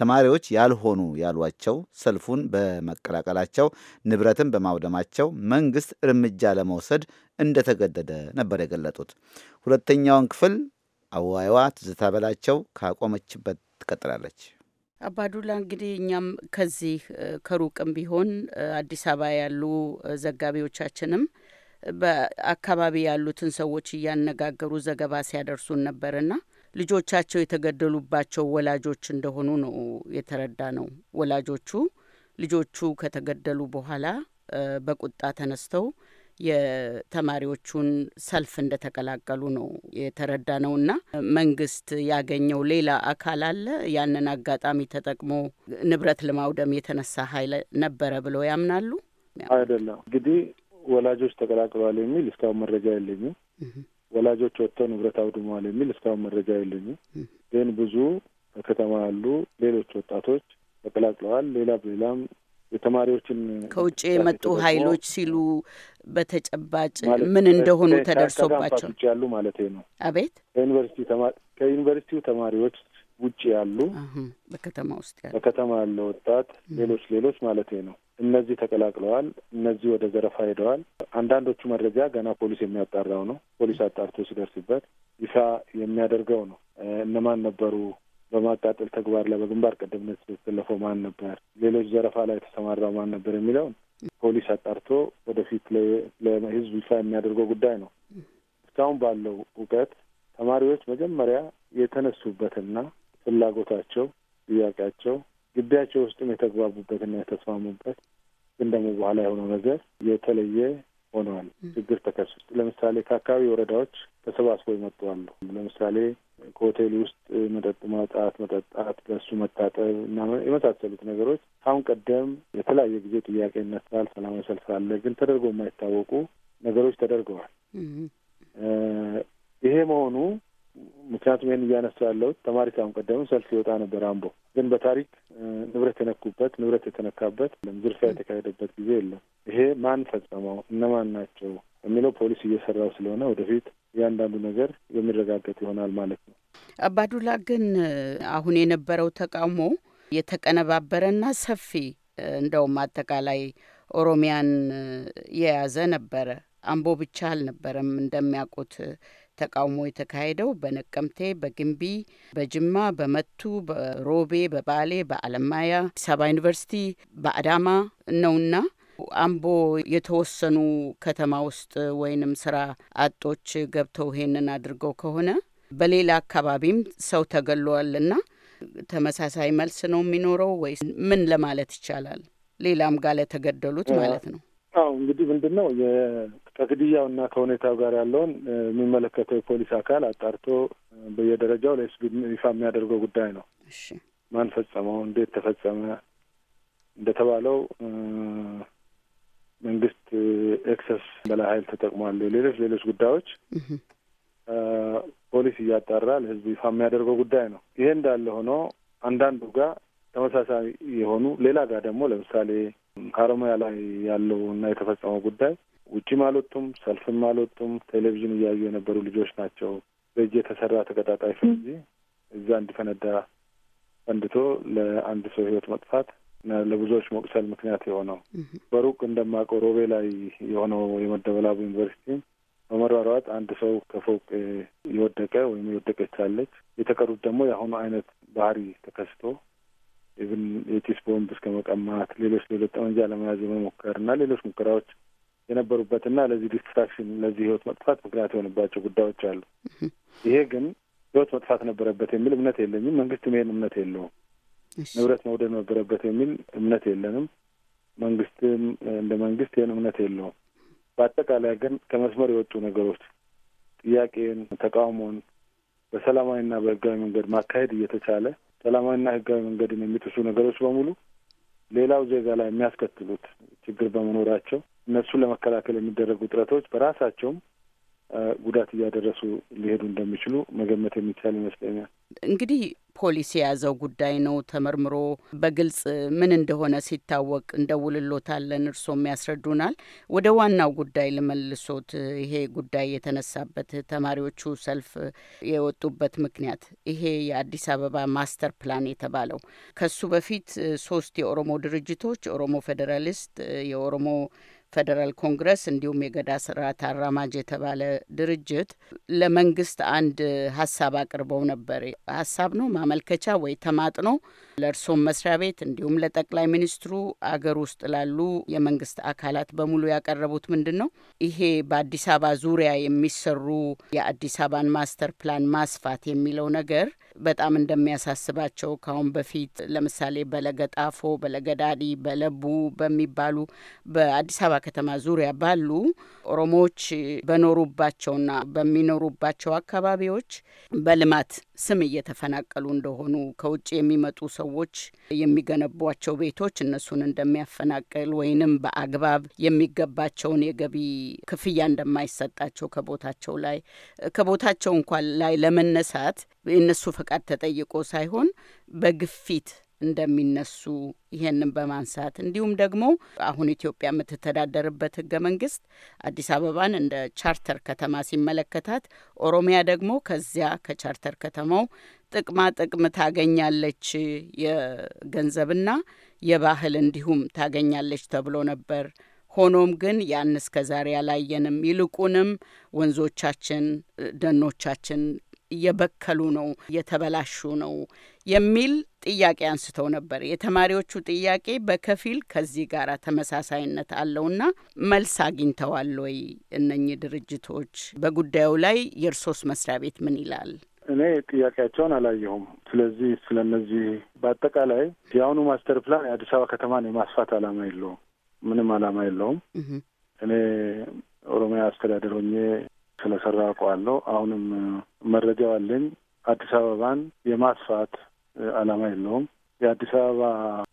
ተማሪዎች ያልሆኑ ያሏቸው ሰልፉን በመቀላቀላቸው ንብረትን በማውደማቸው መንግስት እርምጃ ለመውሰድ እንደተገደደ ነበር የገለጡት። ሁለተኛውን ክፍል አዋይዋ ትዝታ በላቸው ካቆመችበት ትቀጥላለች። አባዱላ እንግዲህ እኛም ከዚህ ከሩቅም ቢሆን አዲስ አበባ ያሉ ዘጋቢዎቻችንም በአካባቢ ያሉትን ሰዎች እያነጋገሩ ዘገባ ሲያደርሱን ነበርና ልጆቻቸው የተገደሉባቸው ወላጆች እንደሆኑ ነው የተረዳ ነው። ወላጆቹ ልጆቹ ከተገደሉ በኋላ በቁጣ ተነስተው የተማሪዎቹን ሰልፍ እንደተቀላቀሉ ነው የተረዳ ነው። እና መንግስት ያገኘው ሌላ አካል አለ ያንን አጋጣሚ ተጠቅሞ ንብረት ለማውደም የተነሳ ኃይል ነበረ ብለው ያምናሉ? አይደለም እንግዲህ ወላጆች ተቀላቅለዋል የሚል እስካሁን መረጃ የለኝም። ወላጆች ወጥተው ንብረት አውድመዋል የሚል እስካሁን መረጃ የለኝም። ግን ብዙ በከተማ ያሉ ሌሎች ወጣቶች ተቀላቅለዋል። ሌላ ሌላም የተማሪዎችን ከውጭ የመጡ ኃይሎች ሲሉ በተጨባጭ ምን እንደሆኑ ተደርሶባቸው ያሉ ማለት ነው። አቤት ከዩኒቨርሲቲ ከዩኒቨርሲቲው ተማሪዎች ውጭ ያሉ በከተማ ውስጥ ያሉ በከተማ ያለ ወጣት ሌሎች ሌሎች ማለት ነው። እነዚህ ተቀላቅለዋል። እነዚህ ወደ ዘረፋ ሄደዋል። አንዳንዶቹ መረጃ ገና ፖሊስ የሚያጣራው ነው። ፖሊስ አጣርቶ ሲደርስበት ይፋ የሚያደርገው ነው። እነማን ነበሩ በማቃጠል ተግባር ላይ በግንባር ቀደምነት የተሰለፈው ማን ነበር፣ ሌሎች ዘረፋ ላይ የተሰማራው ማን ነበር የሚለውን ፖሊስ አጣርቶ ወደፊት ለህዝብ ይፋ የሚያደርገው ጉዳይ ነው። እስካሁን ባለው እውቀት ተማሪዎች መጀመሪያ የተነሱበትና ፍላጎታቸው፣ ጥያቄያቸው ግቢያቸው ውስጥም የተግባቡበትና የተስማሙበት ግን ደግሞ በኋላ የሆነው ነገር የተለየ ሆነዋል። ችግር ተከስቶ ለምሳሌ ከአካባቢ ወረዳዎች ተሰባስበው ይመጡ አሉ። ለምሳሌ ከሆቴል ውስጥ መጠጥ ማውጣት፣ መጠጣት፣ በሱ መታጠብ እና የመሳሰሉት ነገሮች ከአሁን ቀደም የተለያየ ጊዜ ጥያቄ ይነሳል። ሰላማዊ ሰልፍ አለ፣ ግን ተደርጎ የማይታወቁ ነገሮች ተደርገዋል። ይሄ መሆኑ ምክንያቱም ይህን እያነሳ ያለሁት ተማሪ ካሁን ቀደምም ሰልፍ ይወጣ ነበር። አምቦ ግን በታሪክ ንብረት የነኩበት ንብረት የተነካበት ዝርፊያ የተካሄደበት ጊዜ የለም። ይሄ ማን ፈጸመው፣ እነማን ናቸው የሚለው ፖሊስ እየሰራው ስለሆነ ወደፊት እያንዳንዱ ነገር የሚረጋገጥ ይሆናል ማለት ነው። አባዱላ ግን አሁን የነበረው ተቃውሞ የተቀነባበረና ሰፊ እንደውም አጠቃላይ ኦሮሚያን የያዘ ነበረ። አምቦ ብቻ አልነበረም እንደሚያውቁት ተቃውሞ የተካሄደው በነቀምቴ፣ በግንቢ፣ በጅማ፣ በመቱ፣ በሮቤ፣ በባሌ፣ በአለማያ፣ አዲስ አበባ ዩኒቨርሲቲ፣ በአዳማ ነውና አምቦ የተወሰኑ ከተማ ውስጥ ወይንም ስራ አጦች ገብተው ይሄንን አድርገው ከሆነ በሌላ አካባቢም ሰው ተገሏልና ተመሳሳይ መልስ ነው የሚኖረው ወይ ምን ለማለት ይቻላል? ሌላም ጋር ለተገደሉት ማለት ነው። አዎ እንግዲህ ምንድን ነው ከግድያውና ከሁኔታው ጋር ያለውን የሚመለከተው የፖሊስ አካል አጣርቶ በየደረጃው ለህዝብ ይፋ የሚያደርገው ጉዳይ ነው። ማን ፈጸመው፣ እንዴት ተፈጸመ እንደተባለው መንግስት ኤክሰስ በላይ ኃይል ተጠቅሟል፣ ሌሎች ሌሎች ጉዳዮች ፖሊስ እያጣራ ለህዝብ ይፋ የሚያደርገው ጉዳይ ነው። ይሄ እንዳለ ሆኖ አንዳንዱ ጋር ተመሳሳይ የሆኑ ሌላ ጋር ደግሞ ለምሳሌ ሀረማያ ላይ ያለው እና የተፈጸመው ጉዳይ ውጭም አልወጡም፣ ሰልፍም አልወጡም። ቴሌቪዥን እያዩ የነበሩ ልጆች ናቸው። በእጅ የተሰራ ተቀጣጣይ ፈንጂ እዛ እንዲፈነዳ ፈንድቶ ለአንድ ሰው ህይወት መጥፋት እና ለብዙዎች መቁሰል ምክንያት የሆነው በሩቅ እንደማውቀው ሮቤ ላይ የሆነው የመደበላቡ ዩኒቨርሲቲ በመሯሯጥ አንድ ሰው ከፎቅ የወደቀ ወይም የወደቀች አለች። የተቀሩት ደግሞ የአሁኑ አይነት ባህሪ ተከስቶ ኢቭን የጢስ ቦምብ እስከ መቀማት ሌሎች ሌሎች ጠመንጃ ለመያዝ የመሞከር እና ሌሎች ሙከራዎች የነበሩበትና ለዚህ ዲስትራክሽን ለዚህ ህይወት መጥፋት ምክንያት የሆንባቸው ጉዳዮች አሉ። ይሄ ግን ህይወት መጥፋት ነበረበት የሚል እምነት የለኝም። መንግስትም ይሄን እምነት የለውም። ንብረት መውደድ ነበረበት የሚል እምነት የለንም። መንግስትም እንደ መንግስት ይህን እምነት የለውም። በአጠቃላይ ግን ከመስመር የወጡ ነገሮች ጥያቄን፣ ተቃውሞን በሰላማዊና በህጋዊ መንገድ ማካሄድ እየተቻለ ሰላማዊና ህጋዊ መንገድን የሚጥሱ ነገሮች በሙሉ ሌላው ዜጋ ላይ የሚያስከትሉት ችግር በመኖራቸው እነሱን ለመከላከል የሚደረጉ ጥረቶች በራሳቸውም ጉዳት እያደረሱ ሊሄዱ እንደሚችሉ መገመት የሚቻል ይመስለኛል። እንግዲህ ፖሊስ የያዘው ጉዳይ ነው። ተመርምሮ በግልጽ ምን እንደሆነ ሲታወቅ እንደውልሎታለን። እርሶም ያስረዱናል። ወደ ዋናው ጉዳይ ልመልሶት። ይሄ ጉዳይ የተነሳበት ተማሪዎቹ ሰልፍ የወጡበት ምክንያት ይሄ የአዲስ አበባ ማስተር ፕላን የተባለው ከሱ በፊት ሶስት የኦሮሞ ድርጅቶች ኦሮሞ ፌዴራሊስት፣ የኦሮሞ ፌዴራል ኮንግረስ እንዲሁም የገዳ ስርዓት አራማጅ የተባለ ድርጅት ለመንግስት አንድ ሀሳብ አቅርበው ነበር። ሀሳብ ነው ማመልከቻ ወይ ተማጥኖ ለእርሶም መስሪያ ቤት እንዲሁም ለጠቅላይ ሚኒስትሩ አገር ውስጥ ላሉ የመንግስት አካላት በሙሉ ያቀረቡት ምንድን ነው? ይሄ በአዲስ አበባ ዙሪያ የሚሰሩ የአዲስ አበባን ማስተር ፕላን ማስፋት የሚለው ነገር በጣም እንደሚያሳስባቸው ካሁን በፊት ለምሳሌ በለገጣፎ፣ በለገዳዲ፣ በለቡ በሚባሉ በአዲስ አበባ ከተማ ዙሪያ ባሉ ኦሮሞዎች በኖሩባቸውና በሚኖሩባቸው አካባቢዎች በልማት ስም እየተፈናቀሉ እንደሆኑ ከውጭ የሚመጡ ሰዎች የሚገነቧቸው ቤቶች እነሱን እንደሚያፈናቅል ወይንም በአግባብ የሚገባቸውን የገቢ ክፍያ እንደማይሰጣቸው ከቦታቸው ላይ ከቦታቸው እንኳን ላይ ለመነሳት የእነሱ ፈቃድ ተጠይቆ ሳይሆን በግፊት እንደሚነሱ ይሄንን በማንሳት እንዲሁም ደግሞ አሁን ኢትዮጵያ የምትተዳደርበት ህገ መንግስት አዲስ አበባን እንደ ቻርተር ከተማ ሲመለከታት፣ ኦሮሚያ ደግሞ ከዚያ ከቻርተር ከተማው ጥቅማ ጥቅም ታገኛለች፣ የገንዘብና የባህል እንዲሁም ታገኛለች ተብሎ ነበር። ሆኖም ግን ያን እስከ ዛሬ አላየንም። ይልቁንም ወንዞቻችን፣ ደኖቻችን እየበከሉ ነው፣ እየተበላሹ ነው የሚል ጥያቄ አንስተው ነበር። የተማሪዎቹ ጥያቄ በከፊል ከዚህ ጋር ተመሳሳይነት አለውና መልስ አግኝተዋል ወይ? እነኚህ ድርጅቶች በጉዳዩ ላይ የእርሶስ መስሪያ ቤት ምን ይላል? እኔ ጥያቄያቸውን አላየሁም። ስለዚህ ስለ እነዚህ በአጠቃላይ የአሁኑ ማስተር ፕላን የአዲስ አበባ ከተማን የማስፋት አላማ የለውም። ምንም አላማ የለውም። እኔ ኦሮሚያ አስተዳደር ሆኜ ስለሰራ አውቀዋለሁ። አሁንም መረጃው አለኝ። አዲስ አበባን የማስፋት አላማ የለውም። የአዲስ አበባ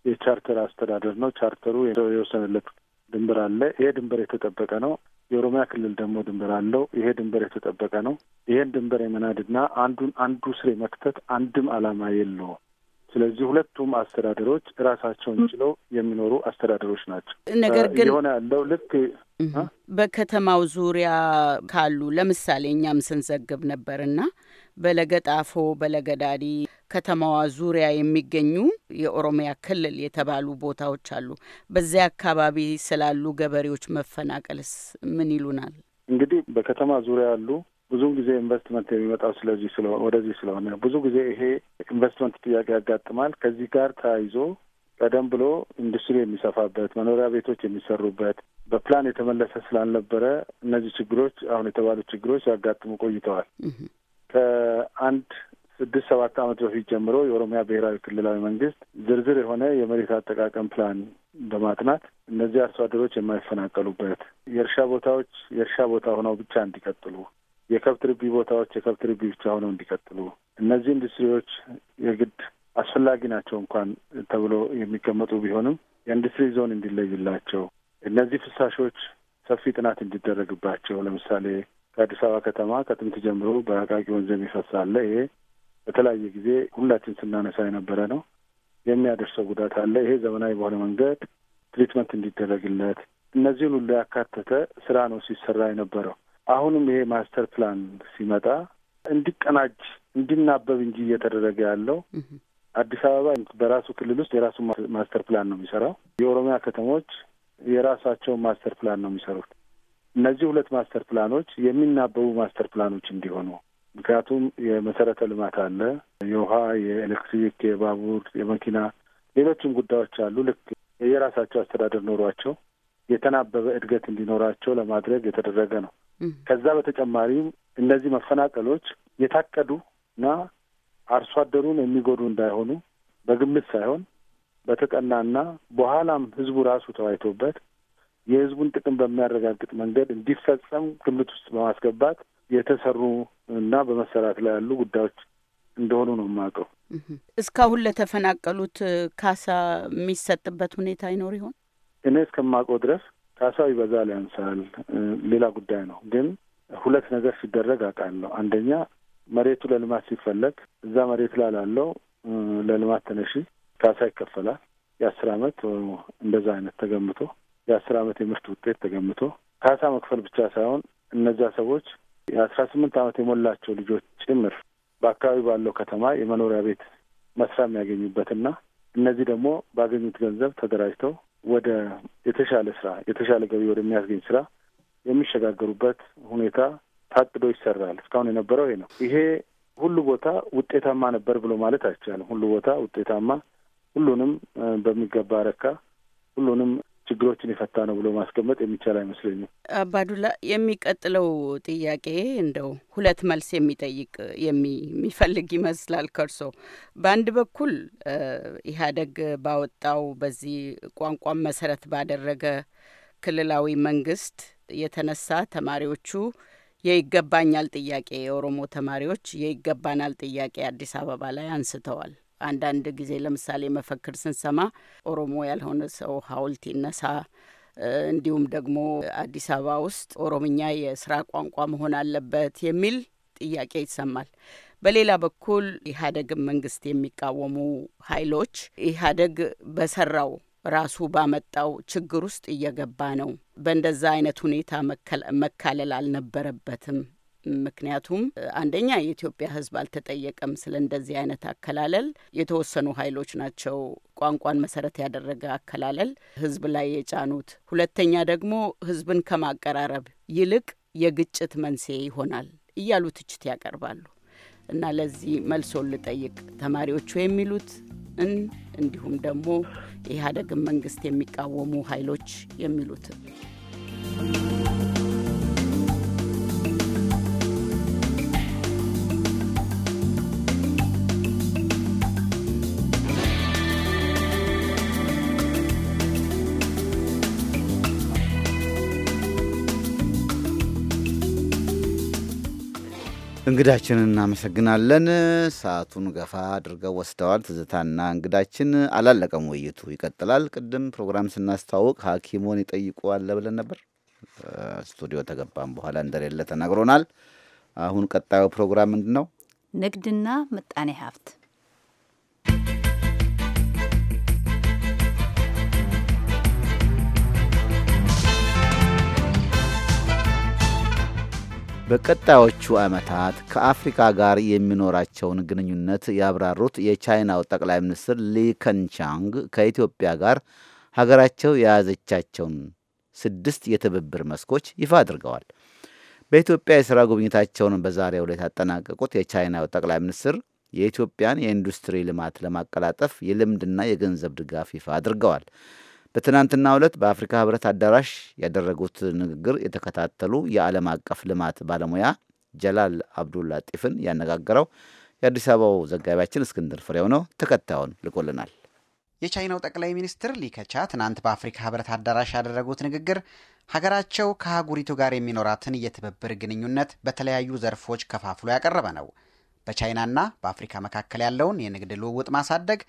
የቻርተር አስተዳደር ነው። ቻርተሩ የወሰነለት ድንበር አለ። ይሄ ድንበር የተጠበቀ ነው። የኦሮሚያ ክልል ደግሞ ድንበር አለው። ይሄ ድንበር የተጠበቀ ነው። ይሄን ድንበር የመናድና አንዱን አንዱ ስር መክተት አንድም አላማ የለውም። ስለዚህ ሁለቱም አስተዳደሮች ራሳቸውን ችለው የሚኖሩ አስተዳደሮች ናቸው። ነገር ግን የሆነ ያለው ልክ በከተማው ዙሪያ ካሉ ለምሳሌ እኛም ስንዘግብ ነበርና በለገጣፎ በለገዳዲ ከተማዋ ዙሪያ የሚገኙ የኦሮሚያ ክልል የተባሉ ቦታዎች አሉ። በዚያ አካባቢ ስላሉ ገበሬዎች መፈናቀልስ ምን ይሉናል? እንግዲህ በከተማ ዙሪያ ያሉ ብዙ ጊዜ ኢንቨስትመንት የሚመጣው ስለዚህ ስለሆነ ወደዚህ ስለሆነ ብዙ ጊዜ ይሄ ኢንቨስትመንት ጥያቄ ያጋጥማል። ከዚህ ጋር ተያይዞ ቀደም ብሎ ኢንዱስትሪ የሚሰፋበት መኖሪያ ቤቶች የሚሰሩበት በፕላን የተመለሰ ስላልነበረ እነዚህ ችግሮች አሁን የተባሉ ችግሮች ሲያጋጥሙ ቆይተዋል። ከአንድ ስድስት ሰባት ዓመት በፊት ጀምሮ የኦሮሚያ ብሔራዊ ክልላዊ መንግስት ዝርዝር የሆነ የመሬት አጠቃቀም ፕላን በማጥናት እነዚህ አርሶ አደሮች የማይፈናቀሉበት የእርሻ ቦታዎች የእርሻ ቦታ ሆነው ብቻ እንዲቀጥሉ የከብት ርቢ ቦታዎች የከብት ርቢ ብቻ ሆነው እንዲቀጥሉ እነዚህ ኢንዱስትሪዎች የግድ አስፈላጊ ናቸው እንኳን ተብሎ የሚቀመጡ ቢሆንም የኢንዱስትሪ ዞን እንዲለይላቸው እነዚህ ፍሳሾች ሰፊ ጥናት እንዲደረግባቸው ለምሳሌ ከአዲስ አበባ ከተማ ከጥንት ጀምሮ በአቃቂ ወንዝ የሚፈሳለ ይሄ በተለያየ ጊዜ ሁላችን ስናነሳ የነበረ ነው። የሚያደርሰው ጉዳት አለ። ይሄ ዘመናዊ በሆነ መንገድ ትሪትመንት እንዲደረግለት እነዚህን ሁሉ ያካተተ ስራ ነው ሲሰራ የነበረው። አሁንም ይሄ ማስተር ፕላን ሲመጣ እንዲቀናጅ እንዲናበብ እንጂ እየተደረገ ያለው አዲስ አበባ በራሱ ክልል ውስጥ የራሱ ማስተር ፕላን ነው የሚሰራው። የኦሮሚያ ከተሞች የራሳቸውን ማስተር ፕላን ነው የሚሰሩት። እነዚህ ሁለት ማስተር ፕላኖች የሚናበቡ ማስተር ፕላኖች እንዲሆኑ ምክንያቱም የመሰረተ ልማት አለ፣ የውሃ፣ የኤሌክትሪክ፣ የባቡር፣ የመኪና ሌሎችም ጉዳዮች አሉ። ልክ የራሳቸው አስተዳደር ኖሯቸው የተናበበ እድገት እንዲኖራቸው ለማድረግ የተደረገ ነው። ከዛ በተጨማሪም እነዚህ መፈናቀሎች የታቀዱ እና አርሶ አደሩን የሚጎዱ እንዳይሆኑ በግምት ሳይሆን በተጠናና በኋላም ህዝቡ ራሱ ተዋይቶበት የህዝቡን ጥቅም በሚያረጋግጥ መንገድ እንዲፈጸም ግምት ውስጥ በማስገባት የተሰሩ እና በመሰራት ላይ ያሉ ጉዳዮች እንደሆኑ ነው የማውቀው። እስካሁን ለተፈናቀሉት ካሳ የሚሰጥበት ሁኔታ ይኖር ይሆን? እኔ እስከማውቀው ድረስ ታሳዊ ይበዛል ያንሳል፣ ሌላ ጉዳይ ነው። ግን ሁለት ነገር ሲደረግ አውቃለሁ። አንደኛ መሬቱ ለልማት ሲፈለግ እዛ መሬት ላይ ላለው ለልማት ተነሺ ካሳ ይከፈላል። የአስር አመት እንደዛ አይነት ተገምቶ የአስር አመት የምርት ውጤት ተገምቶ ካሳ መክፈል ብቻ ሳይሆን እነዛ ሰዎች የአስራ ስምንት አመት የሞላቸው ልጆች ጭምር በአካባቢ ባለው ከተማ የመኖሪያ ቤት መስሪያ የሚያገኙበትና እነዚህ ደግሞ ባገኙት ገንዘብ ተደራጅተው ወደ የተሻለ ስራ የተሻለ ገቢ ወደሚያስገኝ ስራ የሚሸጋገሩበት ሁኔታ ታቅዶ ይሰራል። እስካሁን የነበረው ይሄ ነው። ይሄ ሁሉ ቦታ ውጤታማ ነበር ብሎ ማለት አይቻልም። ሁሉ ቦታ ውጤታማ ሁሉንም በሚገባ ረካ፣ ሁሉንም ችግሮችን የፈታ ነው ብሎ ማስቀመጥ የሚቻል አይመስለኝም። አባዱላ፣ የሚቀጥለው ጥያቄ እንደው ሁለት መልስ የሚጠይቅ የሚፈልግ ይመስላል ከርሶ። በአንድ በኩል ኢህአዴግ ባወጣው በዚህ ቋንቋን መሰረት ባደረገ ክልላዊ መንግስት የተነሳ ተማሪዎቹ የይገባኛል ጥያቄ የኦሮሞ ተማሪዎች የይገባናል ጥያቄ አዲስ አበባ ላይ አንስተዋል። አንዳንድ ጊዜ ለምሳሌ መፈክር ስንሰማ ኦሮሞ ያልሆነ ሰው ሀውልት ይነሳ እንዲሁም ደግሞ አዲስ አበባ ውስጥ ኦሮምኛ የስራ ቋንቋ መሆን አለበት የሚል ጥያቄ ይሰማል። በሌላ በኩል ኢህአዴግን መንግስት የሚቃወሙ ኃይሎች ኢህአዴግ በሰራው ራሱ ባመጣው ችግር ውስጥ እየገባ ነው፣ በእንደዛ አይነት ሁኔታ መካለል አልነበረበትም ምክንያቱም አንደኛ የኢትዮጵያ ሕዝብ አልተጠየቀም ስለ እንደዚህ አይነት አከላለል። የተወሰኑ ኃይሎች ናቸው ቋንቋን መሰረት ያደረገ አከላለል ሕዝብ ላይ የጫኑት። ሁለተኛ ደግሞ ሕዝብን ከማቀራረብ ይልቅ የግጭት መንስኤ ይሆናል እያሉ ትችት ያቀርባሉ። እና ለዚህ መልሶን ልጠይቅ ተማሪዎቹ እን እንዲሁም ደግሞ የኢህአዴግን መንግስት የሚቃወሙ ኃይሎች የሚሉትን እንግዳችንን እናመሰግናለን። ሰዓቱን ገፋ አድርገው ወስደዋል። ትዝታና እንግዳችን አላለቀም፣ ውይይቱ ይቀጥላል። ቅድም ፕሮግራም ስናስተዋውቅ ሐኪሞን ይጠይቁ አለ ብለን ነበር። ስቱዲዮ ተገባም በኋላ እንደሌለ ተናግሮናል። አሁን ቀጣዩ ፕሮግራም ምንድን ነው? ንግድና ምጣኔ ሀብት በቀጣዮቹ ዓመታት ከአፍሪካ ጋር የሚኖራቸውን ግንኙነት ያብራሩት የቻይናው ጠቅላይ ሚኒስትር ሊከንቻንግ ከኢትዮጵያ ጋር ሀገራቸው የያዘቻቸውን ስድስት የትብብር መስኮች ይፋ አድርገዋል። በኢትዮጵያ የሥራ ጉብኝታቸውን በዛሬው ዕለት ያጠናቀቁት የቻይናው ጠቅላይ ሚኒስትር የኢትዮጵያን የኢንዱስትሪ ልማት ለማቀላጠፍ የልምድና የገንዘብ ድጋፍ ይፋ አድርገዋል። በትናንትና ዕለት በአፍሪካ ህብረት አዳራሽ ያደረጉት ንግግር የተከታተሉ የዓለም አቀፍ ልማት ባለሙያ ጀላል ላጢፍን ያነጋገረው የአዲስ አበባው ዘጋቢያችን እስክንድር ፍሬው ነው። ተከታዩን ልኮልናል። የቻይናው ጠቅላይ ሚኒስትር ሊከቻ ትናንት በአፍሪካ ህብረት አዳራሽ ያደረጉት ንግግር ሀገራቸው ከአህጉሪቱ ጋር የሚኖራትን የትብብር ግንኙነት በተለያዩ ዘርፎች ከፋፍሎ ያቀረበ ነው። በቻይናና በአፍሪካ መካከል ያለውን የንግድ ልውውጥ ማሳደግ፣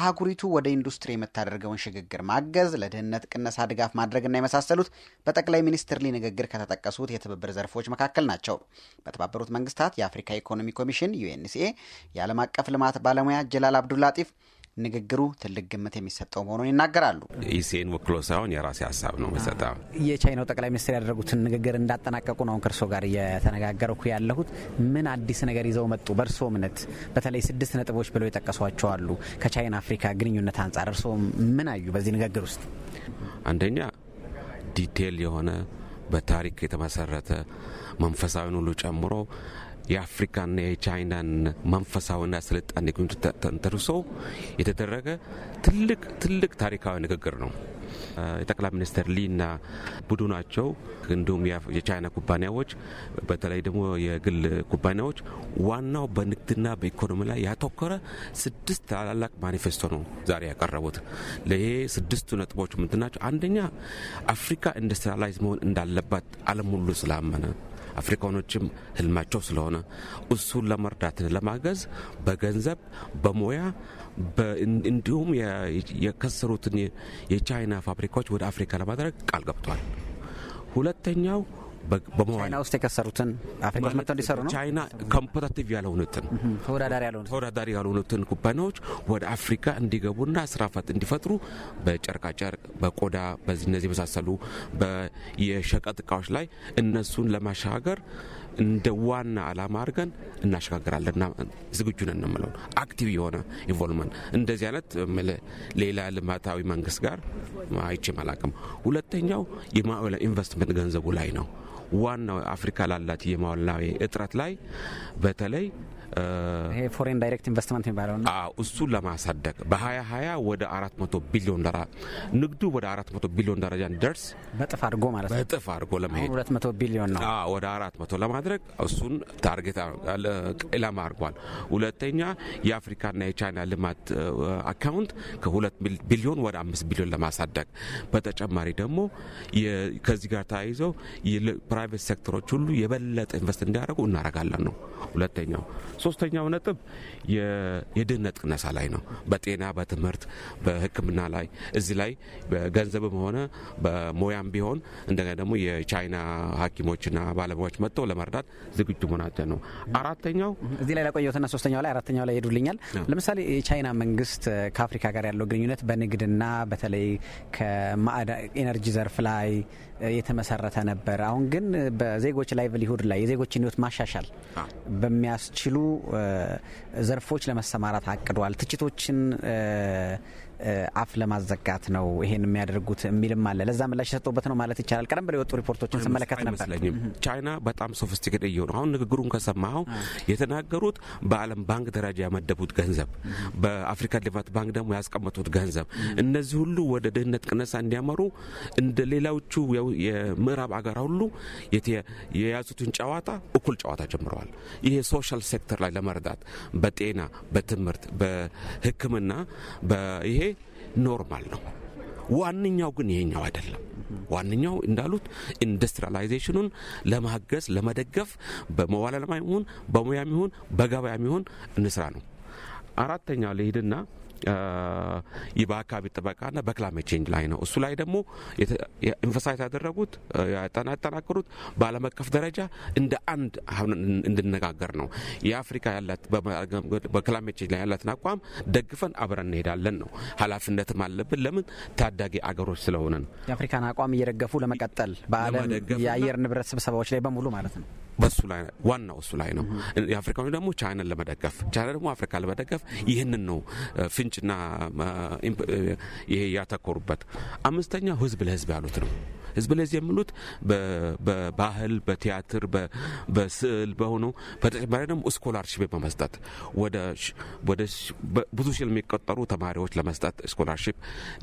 አህጉሪቱ ወደ ኢንዱስትሪ የምታደርገውን ሽግግር ማገዝ፣ ለድህነት ቅነሳ ድጋፍ ማድረግና የመሳሰሉት በጠቅላይ ሚኒስትር ሊ ንግግር ከተጠቀሱት የትብብር ዘርፎች መካከል ናቸው። በተባበሩት መንግስታት የአፍሪካ ኢኮኖሚ ኮሚሽን ዩኤንሲኤ የዓለም አቀፍ ልማት ባለሙያ ጀላል አብዱላጢፍ ንግግሩ ትልቅ ግምት የሚሰጠው መሆኑን ይናገራሉ። ኢሲኤን ወክሎ ሳይሆን የራሴ ሀሳብ ነው መሰጠው። የቻይናው ጠቅላይ ሚኒስትር ያደረጉትን ንግግር እንዳጠናቀቁ ነው ከእርሶ ጋር እየተነጋገርኩ ያለሁት። ምን አዲስ ነገር ይዘው መጡ? በእርሶ እምነት በተለይ ስድስት ነጥቦች ብለው የጠቀሷቸው አሉ። ከቻይና አፍሪካ ግንኙነት አንጻር እርሶ ምን አዩ በዚህ ንግግር ውስጥ? አንደኛ ዲቴል የሆነ በታሪክ የተመሰረተ መንፈሳዊን ሁሉ ጨምሮ የአፍሪካና የቻይናን መንፈሳዊና ስልጣኔ ግንኙነት ተንተርሶ የተደረገ ትልቅ ትልቅ ታሪካዊ ንግግር ነው። የጠቅላይ ሚኒስትር ሊና ቡድናቸው እንዲሁም የቻይና ኩባንያዎች በተለይ ደግሞ የግል ኩባንያዎች ዋናው በንግድና በኢኮኖሚ ላይ ያተኮረ ስድስት ታላላቅ ማኒፌስቶ ነው ዛሬ ያቀረቡት። ለይሄ ስድስቱ ነጥቦች ምንድን አንደኛ አፍሪካ ኢንዱስትሪላይዝ መሆን እንዳለባት ዓለም ሁሉ ስላመነ አፍሪካኖችም ህልማቸው ስለሆነ እሱን ለመርዳት ለማገዝ በገንዘብ በሙያ እንዲሁም የከሰሩትን የቻይና ፋብሪካዎች ወደ አፍሪካ ለማድረግ ቃል ገብቷል። ሁለተኛው በመዋል ቻይና ውስጥ የከሰሩትን አፍሪካ መጥተው እንዲሰሩ ነው። ቻይና ኮምፐታቲቭ ያልሆኑትን ተወዳዳሪ ያልሆኑትን ኩባንያዎች ወደ አፍሪካ እንዲገቡና ስራ ፈት እንዲፈጥሩ በጨርቃጨርቅ፣ በቆዳ፣ በዚህ እነዚህ የመሳሰሉ የሸቀጥ እቃዎች ላይ እነሱን ለማሻገር እንደ ዋና ዓላማ አድርገን እናሸጋግራለንና ዝግጁ ነን የምለው አክቲቭ የሆነ ኢንቮልቭመንት እንደዚህ አይነት ሌላ ልማታዊ መንግስት ጋር አይቼም አላቅም። ሁለተኛው የማዕበለ ኢንቨስትመንት ገንዘቡ ላይ ነው። ዋናው አፍሪካ ላላት የማዕበላዊ እጥረት ላይ በተለይ ፎሬን ዳይሬክት ኢንቨስትመንት የሚባለው እሱን ለማሳደግ በ2020 ወደ 400 ቢሊዮን ደራ ንግዱ ወደ 400 ቢሊዮን ደረጃ እንዲደርስ በጥፍ አድርጎ ማለት ነው። በጥፍ አድርጎ ለመሄድ 200 ቢሊዮን ነው ወደ 400 ለማድረግ እሱን ታርጌት ኢላማ አድርጓል። ሁለተኛ የአፍሪካና የቻይና ልማት አካውንት ከ2 ቢሊዮን ወደ 5 ቢሊዮን ለማሳደግ በተጨማሪ ደግሞ ከዚህ ጋር ተያይዘው ፕራይቬት ሴክተሮች ሁሉ የበለጠ ኢንቨስት እንዲያደርጉ እናደርጋለን ነው ሁለተኛው ሶስተኛው ነጥብ የድህነት ቅነሳ ላይ ነው። በጤና በትምህርት፣ በሕክምና ላይ እዚህ ላይ በገንዘብም ሆነ በሞያም ቢሆን እንደገና ደግሞ የቻይና ሐኪሞችና ባለሙያዎች መጥተው ለመርዳት ዝግጁ መሆናቸው ነው። አራተኛው እዚህ ላይ ለቆየትና ሶስተኛው ላይ አራተኛው ላይ ሄዱልኛል። ለምሳሌ የቻይና መንግስት ከአፍሪካ ጋር ያለው ግንኙነት በንግድና በተለይ ከማዕድ ኤነርጂ ዘርፍ ላይ የተመሰረተ ነበር። አሁን ግን በዜጎች ላይቭሊሁድ ላይ የዜጎችን ህይወት ማሻሻል በሚያስችሉ ዘርፎች ለመሰማራት አቅዷል። ትችቶችን አፍ ለማዘጋት ነው ይሄን የሚያደርጉት የሚልም አለ። ለዛ ምላሽ የሰጠውበት ነው ማለት ይቻላል። ቀደም ብለው የወጡ ሪፖርቶችን ስመለከት ነበር። ቻይና በጣም ሶፊስቲኬት እየሆኑ አሁን ንግግሩን ከሰማኸው የተናገሩት በዓለም ባንክ ደረጃ ያመደቡት ገንዘብ፣ በአፍሪካ ሊቫት ባንክ ደግሞ ያስቀመጡት ገንዘብ፣ እነዚህ ሁሉ ወደ ድህነት ቅነሳ እንዲያመሩ እንደ ሌላዎቹ የምዕራብ አገር ሁሉ የያዙትን ጨዋታ እኩል ጨዋታ ጀምረዋል። ይሄ ሶሻል ሴክተር ላይ ለመረዳት በጤና በትምህርት በሕክምና ይሄ ኖርማል ነው። ዋነኛው ግን ይሄኛው አይደለም። ዋነኛው እንዳሉት ኢንዱስትሪላይዜሽኑን ለማገዝ ለመደገፍ በመዋለ ይሁን በሙያም ይሁን በገበያም ይሁን እንስራ ነው። አራተኛው ልሂድና በአካባቢ ጥበቃና በክላይሜት ቼንጅ ላይ ነው። እሱ ላይ ደግሞ ኤምፈሳይዝ ያደረጉት ያጠናከሩት በዓለም አቀፍ ደረጃ እንደ አንድ እንድነጋገር ነው። የአፍሪካ ያላት ቼንጅ ላይ ያላትን አቋም ደግፈን አብረን እንሄዳለን ነው። ኃላፊነትም አለብን። ለምን ታዳጊ አገሮች ስለሆነ ነው። የአፍሪካን አቋም እየደገፉ ለመቀጠል በዓለም የአየር ንብረት ስብሰባዎች ላይ በሙሉ ማለት ነው። በሱ ላይ ዋናው እሱ ላይ ነው። የአፍሪካኑ ደግሞ ቻይናን ለመደገፍ ቻይና ደግሞ አፍሪካ ለመደገፍ ይህንን ነው ፍንጭና ይሄ ያተኮሩበት። አምስተኛው ህዝብ ለህዝብ ያሉት ነው። ህዝብ ለዚህ የምሉት በባህል በቲያትር በስዕል በሆነው በተጨማሪ ደግሞ ስኮላርሽፕ በመስጠት ወደ ብዙ ሺህ የሚቆጠሩ ተማሪዎች ለመስጠት ስኮላርሽፕ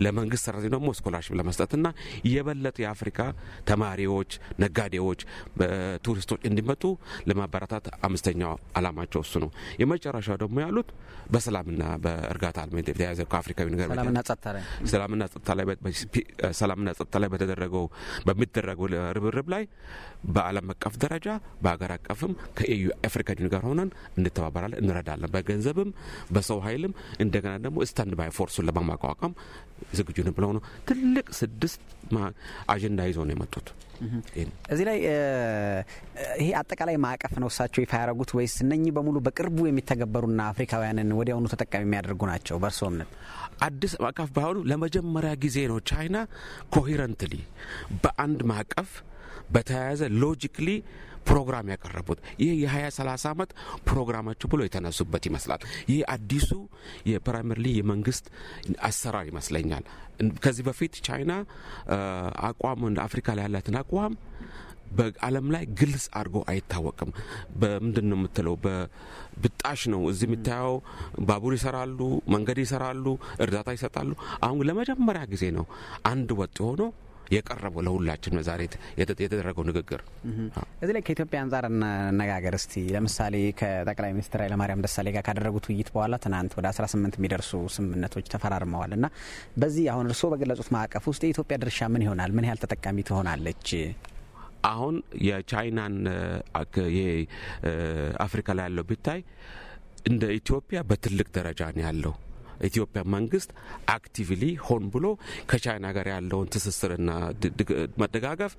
ለመንግስት ሰራተኞች ደግሞ ስኮላርሽፕ ለመስጠት እና የበለጠ የአፍሪካ ተማሪዎች፣ ነጋዴዎች፣ ቱሪስቶች እንዲመጡ ለማበረታት አምስተኛው አላማቸው እሱ ነው። የመጨረሻው ደግሞ ያሉት በሰላምና በእርጋታ ተያዘ ከአፍሪካዊ ነገር ሰላምና ጸጥታ ላይ በተደረገው በሚደረገው ርብርብ ላይ በዓለም አቀፍ ደረጃ በሀገር አቀፍም ከኤዩ አፍሪካ ዩኒየን ጋር ሆነን እንተባበራለን፣ እንረዳለን። በገንዘብም በሰው ኃይልም እንደገና ደግሞ ስታንድ ባይ ፎርሱን ለማቋቋም ዝግጁን ብለው ነው። ትልቅ ስድስት አጀንዳ ይዞ ነው የመጡት። እዚህ ላይ ይሄ አጠቃላይ ማዕቀፍ ነው እሳቸው ይፋ ያደረጉት ወይስ እነኚህ በሙሉ በቅርቡ የሚተገበሩና አፍሪካውያንን ወዲያውኑ ተጠቃሚ የሚያደርጉ ናቸው? በእርስዎ እምነት አዲስ ማዕቀፍ ባይሆኑ ለመጀመሪያ ጊዜ ነው ቻይና ኮሄረንትሊ በአንድ ማዕቀፍ በተያያዘ ሎጂክሊ ፕሮግራም ያቀረቡት ይህ የ2030 ዓመት ፕሮግራማቸው ብሎ የተነሱበት ይመስላል። ይህ አዲሱ የፕራይመር ሊግ የመንግስት አሰራር ይመስለኛል። ከዚህ በፊት ቻይና አቋም አፍሪካ ላይ ያላትን አቋም በዓለም ላይ ግልጽ አድርጎ አይታወቅም። በምንድን ነው የምትለው? በብጣሽ ነው እዚህ የምታየው። ባቡር ይሰራሉ፣ መንገድ ይሰራሉ፣ እርዳታ ይሰጣሉ። አሁን ለመጀመሪያ ጊዜ ነው አንድ ወጥ የሆነው የቀረበው ለሁላችን ዛሬ የተደረገው ንግግር። እዚህ ላይ ከኢትዮጵያ አንጻር እነጋገር እስቲ። ለምሳሌ ከጠቅላይ ሚኒስትር ኃይለማርያም ደሳሌ ጋር ካደረጉት ውይይት በኋላ ትናንት ወደ 18 የሚደርሱ ስምምነቶች ተፈራርመዋል እና በዚህ አሁን እርስዎ በገለጹት ማዕቀፍ ውስጥ የኢትዮጵያ ድርሻ ምን ይሆናል? ምን ያህል ተጠቃሚ ትሆናለች? አሁን የቻይናን አፍሪካ ላይ ያለው ቢታይ እንደ ኢትዮጵያ በትልቅ ደረጃ ነው ያለው ኢትዮጵያ መንግስት አክቲቭሊ ሆን ብሎ ከቻይና ጋር ያለውን ትስስርና መደጋገፍ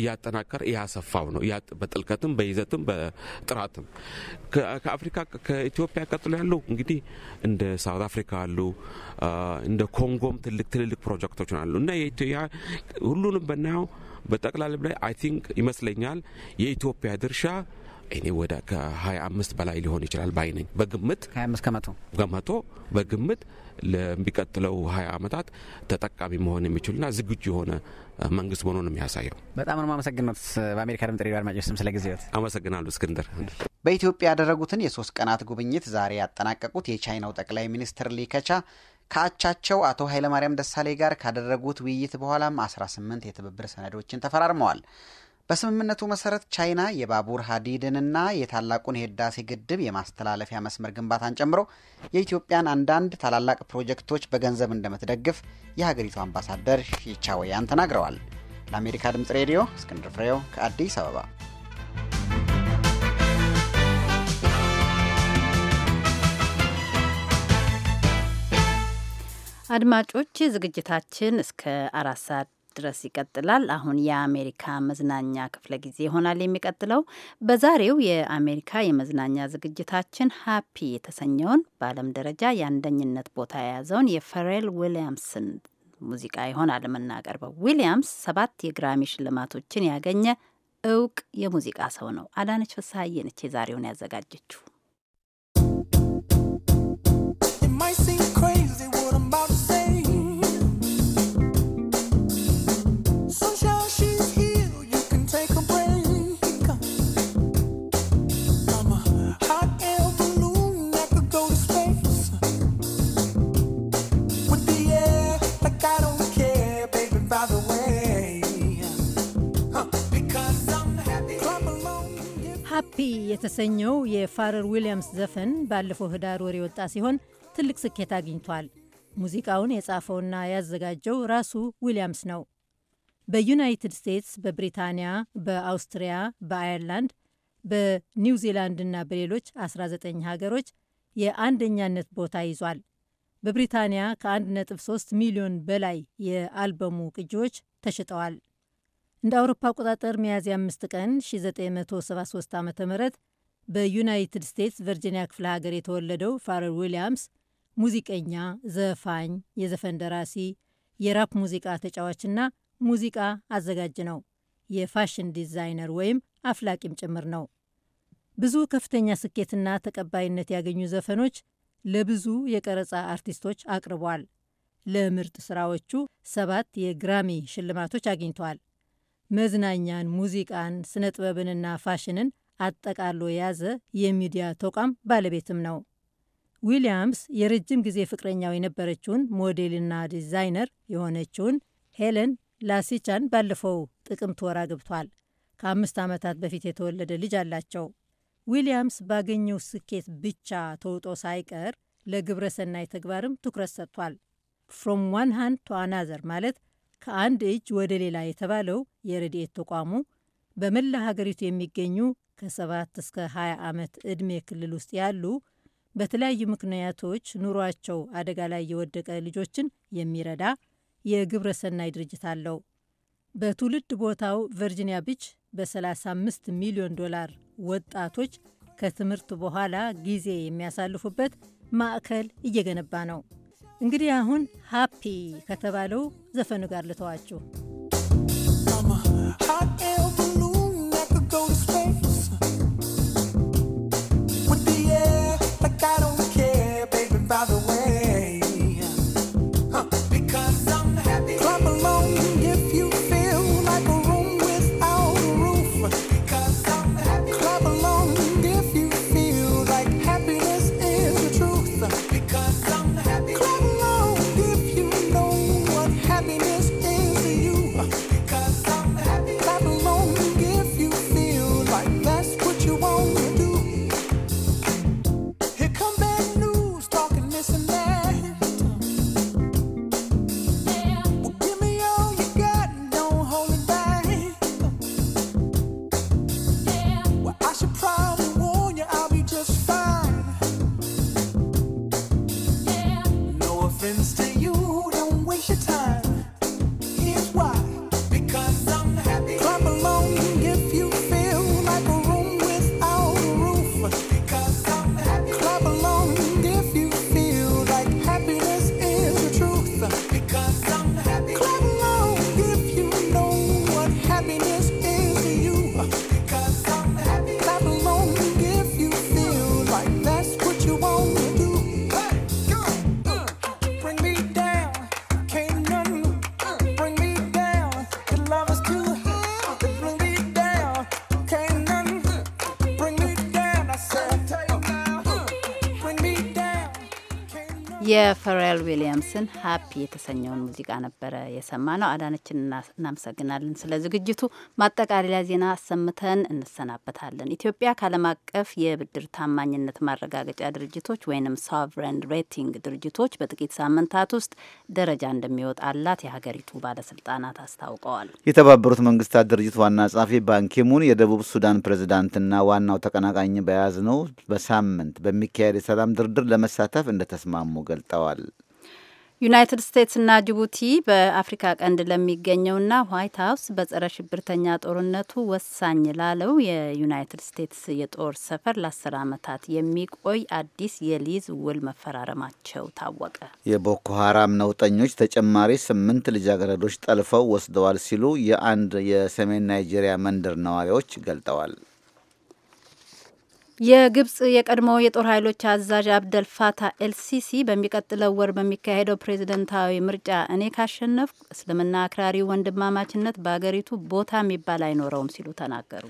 እያጠናከር እያሰፋው ነው። በጥልቀትም በይዘትም በጥራትም ከአፍሪካ ከኢትዮጵያ ቀጥሎ ያለው እንግዲህ እንደ ሳውት አፍሪካ አሉ፣ እንደ ኮንጎም ትልቅ ትልልቅ ፕሮጀክቶች አሉ እና ሁሉንም በናየው በጠቅላላ ላይ አይ ቲንክ ይመስለኛል የኢትዮጵያ ድርሻ እኔ ወደ ከ25 በላይ ሊሆን ይችላል ባይ ነኝ። በግምት ከመቶ በግምት ለሚቀጥለው 20 ዓመታት ተጠቃሚ መሆን የሚችሉና ዝግጁ የሆነ መንግስት መሆኑን የሚያሳየው። በጣም ነው ማመሰግነት። በአሜሪካ ድምጽ ሬዲዮ አድማጮች ስም ስለ ጊዜዎት አመሰግናሉ። እስክንድር በኢትዮጵያ ያደረጉትን የሶስት ቀናት ጉብኝት ዛሬ ያጠናቀቁት የቻይናው ጠቅላይ ሚኒስትር ሊከቻ ከአቻቸው አቶ ኃይለማርያም ደሳሌ ጋር ካደረጉት ውይይት በኋላም 18 የትብብር ሰነዶችን ተፈራርመዋል። በስምምነቱ መሰረት ቻይና የባቡር ሀዲድንና የታላቁን የህዳሴ ግድብ የማስተላለፊያ መስመር ግንባታን ጨምሮ የኢትዮጵያን አንዳንድ ታላላቅ ፕሮጀክቶች በገንዘብ እንደምትደግፍ የሀገሪቱ አምባሳደር ሺቻወያን ተናግረዋል። ለአሜሪካ ድምፅ ሬዲዮ እስክንድር ፍሬው ከአዲስ አበባ። አድማጮች ዝግጅታችን እስከ አራት ሰዓት ድረስ ይቀጥላል። አሁን የአሜሪካ መዝናኛ ክፍለ ጊዜ ይሆናል የሚቀጥለው። በዛሬው የአሜሪካ የመዝናኛ ዝግጅታችን ሀፒ የተሰኘውን በዓለም ደረጃ የአንደኝነት ቦታ የያዘውን የፈሬል ዊሊያምስን ሙዚቃ ይሆናል የምናቀርበው። ዊሊያምስ ሰባት የግራሚ ሽልማቶችን ያገኘ እውቅ የሙዚቃ ሰው ነው። አዳነች ፍስሀዬ ነች የዛሬውን ያዘጋጀችው። ሃፒ የተሰኘው የፋረር ዊሊያምስ ዘፈን ባለፈው ህዳር ወር የወጣ ሲሆን ትልቅ ስኬት አግኝቷል። ሙዚቃውን የጻፈውና ያዘጋጀው ራሱ ዊሊያምስ ነው። በዩናይትድ ስቴትስ፣ በብሪታንያ፣ በአውስትሪያ፣ በአየርላንድ፣ በኒውዚላንድና በሌሎች 19 ሀገሮች የአንደኛነት ቦታ ይዟል። በብሪታንያ ከ1.3 ሚሊዮን በላይ የአልበሙ ቅጂዎች ተሽጠዋል። እንደ አውሮፓ አቆጣጠር ሚያዝያ 5 ቀን 1973 ዓ ም በዩናይትድ ስቴትስ ቨርጂኒያ ክፍለ ሀገር የተወለደው ፋረል ዊሊያምስ ሙዚቀኛ፣ ዘፋኝ፣ የዘፈን ደራሲ፣ የራፕ ሙዚቃ ተጫዋችና ሙዚቃ አዘጋጅ ነው። የፋሽን ዲዛይነር ወይም አፍላቂም ጭምር ነው። ብዙ ከፍተኛ ስኬትና ተቀባይነት ያገኙ ዘፈኖች ለብዙ የቀረጻ አርቲስቶች አቅርቧል። ለምርጥ ስራዎቹ ሰባት የግራሚ ሽልማቶች አግኝተዋል። መዝናኛን፣ ሙዚቃን፣ ስነ ጥበብንና ፋሽንን አጠቃሎ የያዘ የሚዲያ ተቋም ባለቤትም ነው። ዊሊያምስ የረጅም ጊዜ ፍቅረኛው የነበረችውን ሞዴልና ዲዛይነር የሆነችውን ሄለን ላሲቻን ባለፈው ጥቅምት ወር አግብቷል። ከአምስት ዓመታት በፊት የተወለደ ልጅ አላቸው። ዊሊያምስ ባገኘው ስኬት ብቻ ተውጦ ሳይቀር ለግብረ ሰናይ ተግባርም ትኩረት ሰጥቷል። ፍሮም ዋን ሃንድ ቱ አናዘር ማለት ከአንድ እጅ ወደ ሌላ የተባለው የረድኤት ተቋሙ በመላ ሀገሪቱ የሚገኙ ከ7 እስከ 20 ዓመት ዕድሜ ክልል ውስጥ ያሉ በተለያዩ ምክንያቶች ኑሯቸው አደጋ ላይ የወደቀ ልጆችን የሚረዳ የግብረ ሰናይ ድርጅት አለው። በትውልድ ቦታው ቨርጂኒያ ቢች በ35 ሚሊዮን ዶላር ወጣቶች ከትምህርት በኋላ ጊዜ የሚያሳልፉበት ማዕከል እየገነባ ነው። እንግዲህ አሁን ሃፒ ከተባለው ዘፈኑ ጋር ልተዋችሁ። የፈሬል ዊሊያምስን ሀፒ የተሰኘውን ሙዚቃ ነበረ የሰማ ነው። አዳነችን እናመሰግናለን ስለ ዝግጅቱ። ማጠቃለያ ዜና አሰምተን እንሰናበታለን። ኢትዮጵያ ከዓለም አቀፍ የብድር ታማኝነት ማረጋገጫ ድርጅቶች ወይንም ሶቨሬን ሬቲንግ ድርጅቶች በጥቂት ሳምንታት ውስጥ ደረጃ እንደሚወጣላት የሀገሪቱ ባለስልጣናት አስታውቀዋል። የተባበሩት መንግስታት ድርጅት ዋና ጸሐፊ ባንኪሙን የደቡብ ሱዳን ፕሬዝዳንትና ዋናው ተቀናቃኝ በያዝ ነው። በሳምንት በሚካሄድ የሰላም ድርድር ለመሳተፍ እንደተስማሙ ገልጠዋል። ገልጸዋል። ዩናይትድ ስቴትስና ጅቡቲ በአፍሪካ ቀንድ ለሚገኘውና ዋይት ሀውስ በጸረ ሽብርተኛ ጦርነቱ ወሳኝ ላለው የዩናይትድ ስቴትስ የጦር ሰፈር ለአስር ዓመታት የሚቆይ አዲስ የሊዝ ውል መፈራረማቸው ታወቀ። የቦኮ ሀራም ነውጠኞች ተጨማሪ ስምንት ልጃገረዶች ጠልፈው ወስደዋል ሲሉ የአንድ የሰሜን ናይጄሪያ መንደር ነዋሪዎች ገልጠዋል። የግብጽ የቀድሞ የጦር ኃይሎች አዛዥ አብደል ፋታ ኤልሲሲ በሚቀጥለው ወር በሚካሄደው ፕሬዝደንታዊ ምርጫ እኔ ካሸነፍ እስልምና አክራሪ ወንድማማችነት በአገሪቱ ቦታ የሚባል አይኖረውም ሲሉ ተናገሩ።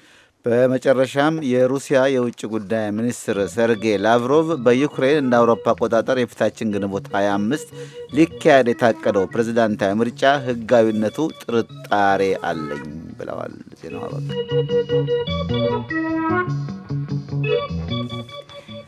በመጨረሻም የሩሲያ የውጭ ጉዳይ ሚኒስትር ሰርጌይ ላቭሮቭ በዩክሬን እንደ አውሮፓ አቆጣጠር የፊታችን ግንቦት 25 ሊካሄድ የታቀደው ፕሬዝዳንታዊ ምርጫ ሕጋዊነቱ ጥርጣሬ አለኝ ብለዋል። ዜናው Gracias.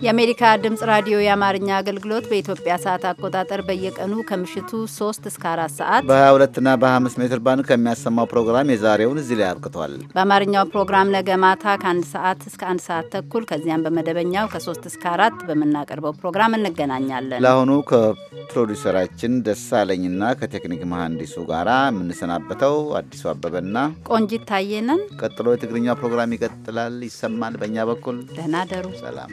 የአሜሪካ ድምፅ ራዲዮ የአማርኛ አገልግሎት በኢትዮጵያ ሰዓት አቆጣጠር በየቀኑ ከምሽቱ 3 እስከ 4 ሰዓት በ22 እና በ25 ሜትር ባንድ ከሚያሰማው ፕሮግራም የዛሬውን እዚህ ላይ አብቅቷል። በአማርኛው ፕሮግራም ነገ ማታ ከ1 ሰዓት እስከ አንድ ሰዓት ተኩል ከዚያም በመደበኛው ከ3 እስከ 4 በምናቀርበው ፕሮግራም እንገናኛለን። ለአሁኑ ከፕሮዲውሰራችን ደሳለኝና ከቴክኒክ መሐንዲሱ ጋር የምንሰናበተው አዲሱ አበበና ቆንጂት ታየነን። ቀጥሎ የትግርኛ ፕሮግራም ይቀጥላል፣ ይሰማል። በእኛ በኩል ደህና ደሩ። ሰላም